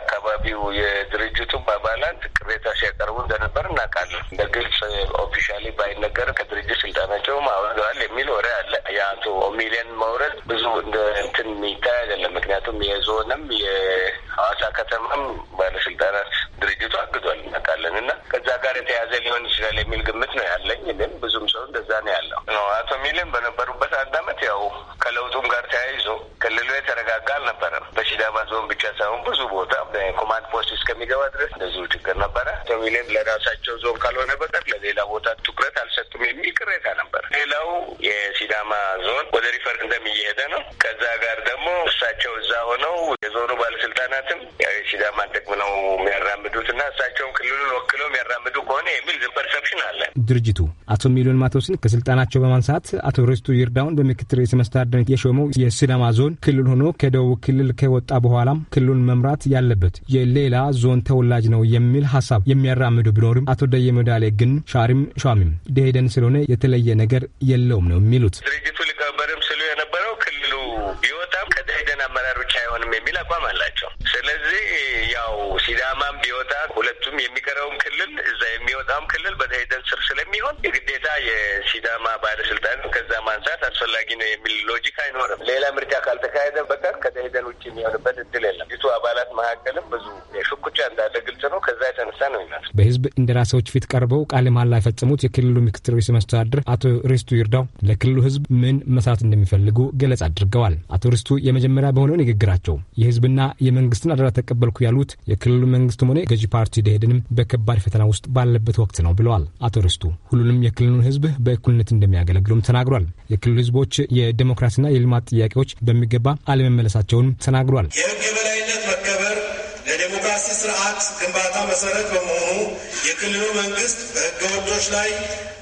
የአካባቢው የድርጅቱ አባላት ቅሬታ ሲያቀርቡ እንደነበር እናውቃለን። በግልጽ ኦፊሻሊ ባይነገር ከድርጅት ስልጣናቸውም አውርደዋል የሚል ወሬ አለ። የአቶ ሚሊዮን መውረድ ብዙ እንደ እንትን የሚታይ አይደለም። ምክንያቱም የዞንም የሐዋሳ ከተማም ባለስልጣናት ድርጅቱ አግዷል እናውቃለን እና ከዛ ጋር የተያዘ ሊሆን ይችላል የሚል ግምት ነው ያለኝ። ግን ብዙም ሰው እንደዛ ነው ያለው። አቶ ሚሊየን በነበሩበት አንድ አመት ያው ከለውጡም ጋር ተያይዞ ክልሉ የተረጋጋ አልነበረም። በሲዳማ ዞን ብቻ ሳይሆን ብዙ ቦታ በኮማንድ ፖስት እስከሚገባ ድረስ እንደዚሁ ችግር ነበረ። ሚሊም ለራሳቸው ዞን ካልሆነ በቀር ለሌላ ቦታ ትኩረት አልሰጡም የሚል ቅሬታ ነበር። ሌላው የሲዳማ ዞን ወደ ሪፈር እንደሚሄደ ነው። ከዛ ጋር ደግሞ እሳቸው እዛ ሆነው የዞኑ ባለስልጣናትም የሲዳማን ጥቅም ነው የሚያራምዱት እና እሳቸውን ክልሉን ወክለው የሚያራምዱ ከሆነ የሚል ፐርሰፕሽን አለ። ድርጅቱ አቶ ሚሊዮን ማቶስን ከስልጣናቸው በማንሳት አቶ ሬስቱ ይርዳውን በምክትል ርዕሰ መስተዳድር የሾመው የሲዳማ ዞን ክልል ሆኖ ከደቡብ ክልል ከወጣ በኋላም ክልሉን መምራት ያለበት የሌላ ዞን ተወላጅ ነው የሚል ሀሳብ የሚያራምዱ ቢኖርም አቶ ደየ መዳሌ ግን ሻሪም ሻሚም ደሄደን ስለሆነ የተለየ ነገር የለውም ነው የሚሉት። ድርጅቱ ሊቀበርም ስሉ የነበረው ክልሉ ቢወጣም ከደሄደን አመራር ብቻ አይሆንም የሚል አቋም አላቸው። ስለዚህ ያው ሲዳማም ቢወጣ ሁለቱም የሚቀረውም ክልል እዛ የሚወጣውም ክልል በተሄደን ስር ስለሚሆን የግዴታ የሲዳማ ባለስልጣን ከዛ ማንሳት አስፈላጊ ነው የሚል ሎጂክ አይኖርም። ሌላ ምርጫ ካልተካሄደ በቀር ከተሄደን ውጭ የሚሆንበት እድል የለም። ቱ አባላት መካከልም ብዙ ሽኩቻ እንዳለ ግልጽ ነው። ከዛ የተነሳ ነው ይላል። በህዝብ እንደራሴዎች ፊት ቀርበው ቃለ መሃላ የፈጸሙት የክልሉ ምክትል ርዕሰ መስተዳድር አቶ ሪስቱ ይርዳው ለክልሉ ህዝብ ምን መስራት እንደሚፈልጉ ገለጽ አድርገዋል። አቶ ሪስቱ የመጀመሪያ በሆነው ንግግራቸው የህዝብና የመንግስትን አደራ ተቀበልኩ ያሉት የክልሉ የክልሉ መንግስትም ሆነ ገዢ ፓርቲ ደሄድንም በከባድ ፈተና ውስጥ ባለበት ወቅት ነው ብለዋል አቶ ርስቱ። ሁሉንም የክልሉን ህዝብ በእኩልነት እንደሚያገለግሉም ተናግሯል። የክልሉ ህዝቦች የዴሞክራሲና የልማት ጥያቄዎች በሚገባ አለመመለሳቸውንም ተናግሯል። የህግ የበላይነት መከበር ለዴሞክራሲ ስርዓት ግንባታ መሰረት በመሆኑ የክልሉ መንግስት በህገ ወጦች ላይ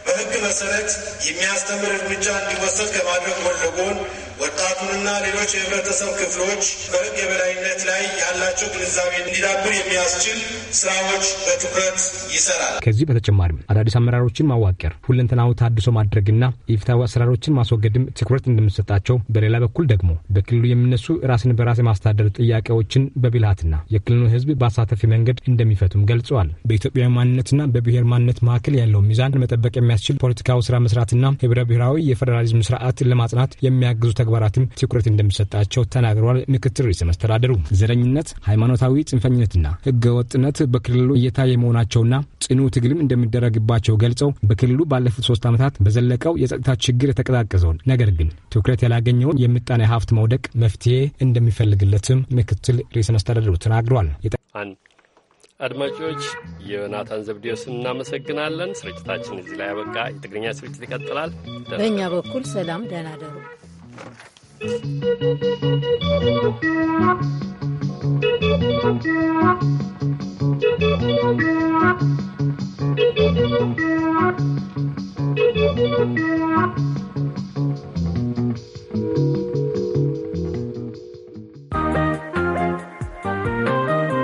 በህግ መሰረት የሚያስተምር እርምጃ እንዲወሰድ ከማድረግ ጎን ለጎን ወጣቱንና ሌሎች የህብረተሰብ ክፍሎች በህግ የበላይነት ላይ ያላቸው ግንዛቤ እንዲዳብር የሚያስችል ስራዎች በትኩረት ይሰራል። ከዚህ በተጨማሪም አዳዲስ አመራሮችን ማዋቀር፣ ሁለንተናው ታድሶ ማድረግና የፍትሐዊ አሰራሮችን ማስወገድም ትኩረት እንደሚሰጣቸው፣ በሌላ በኩል ደግሞ በክልሉ የሚነሱ ራስን በራስ የማስተዳደር ጥያቄዎችን በብልሃትና የክልሉ ህዝብ በአሳተፊ መንገድ እንደሚፈቱም ገልጸዋል። በኢትዮጵያዊ ማንነትና በብሔር ማንነት መካከል ያለው ሚዛን መጠበቅ የሚያ የሚያስችል ፖለቲካዊ ስራ መስራትና ህብረ ብሔራዊ የፌዴራሊዝም ስርዓት ለማጽናት የሚያግዙ ተግባራትም ትኩረት እንደሚሰጣቸው ተናግረዋል። ምክትል ርዕሰ መስተዳደሩ ዘረኝነት፣ ሃይማኖታዊ ጽንፈኝነትና ህገወጥነት በክልሉ እየታየ መሆናቸውና ጽኑ ትግልም እንደሚደረግባቸው ገልጸው በክልሉ ባለፉት ሶስት ዓመታት በዘለቀው የጸጥታ ችግር የተቀዛቀዘውን ነገር ግን ትኩረት ያላገኘውን የምጣኔ ሀብት መውደቅ መፍትሄ እንደሚፈልግለትም ምክትል ርዕሰ መስተዳደሩ ተናግረዋል። አድማጮች የዮናታን ዘብዴዎስ እናመሰግናለን። ስርጭታችን እዚህ ላይ ያበቃ። የትግርኛ ስርጭት ይቀጥላል። በእኛ በኩል ሰላም፣ ደህና ደሩ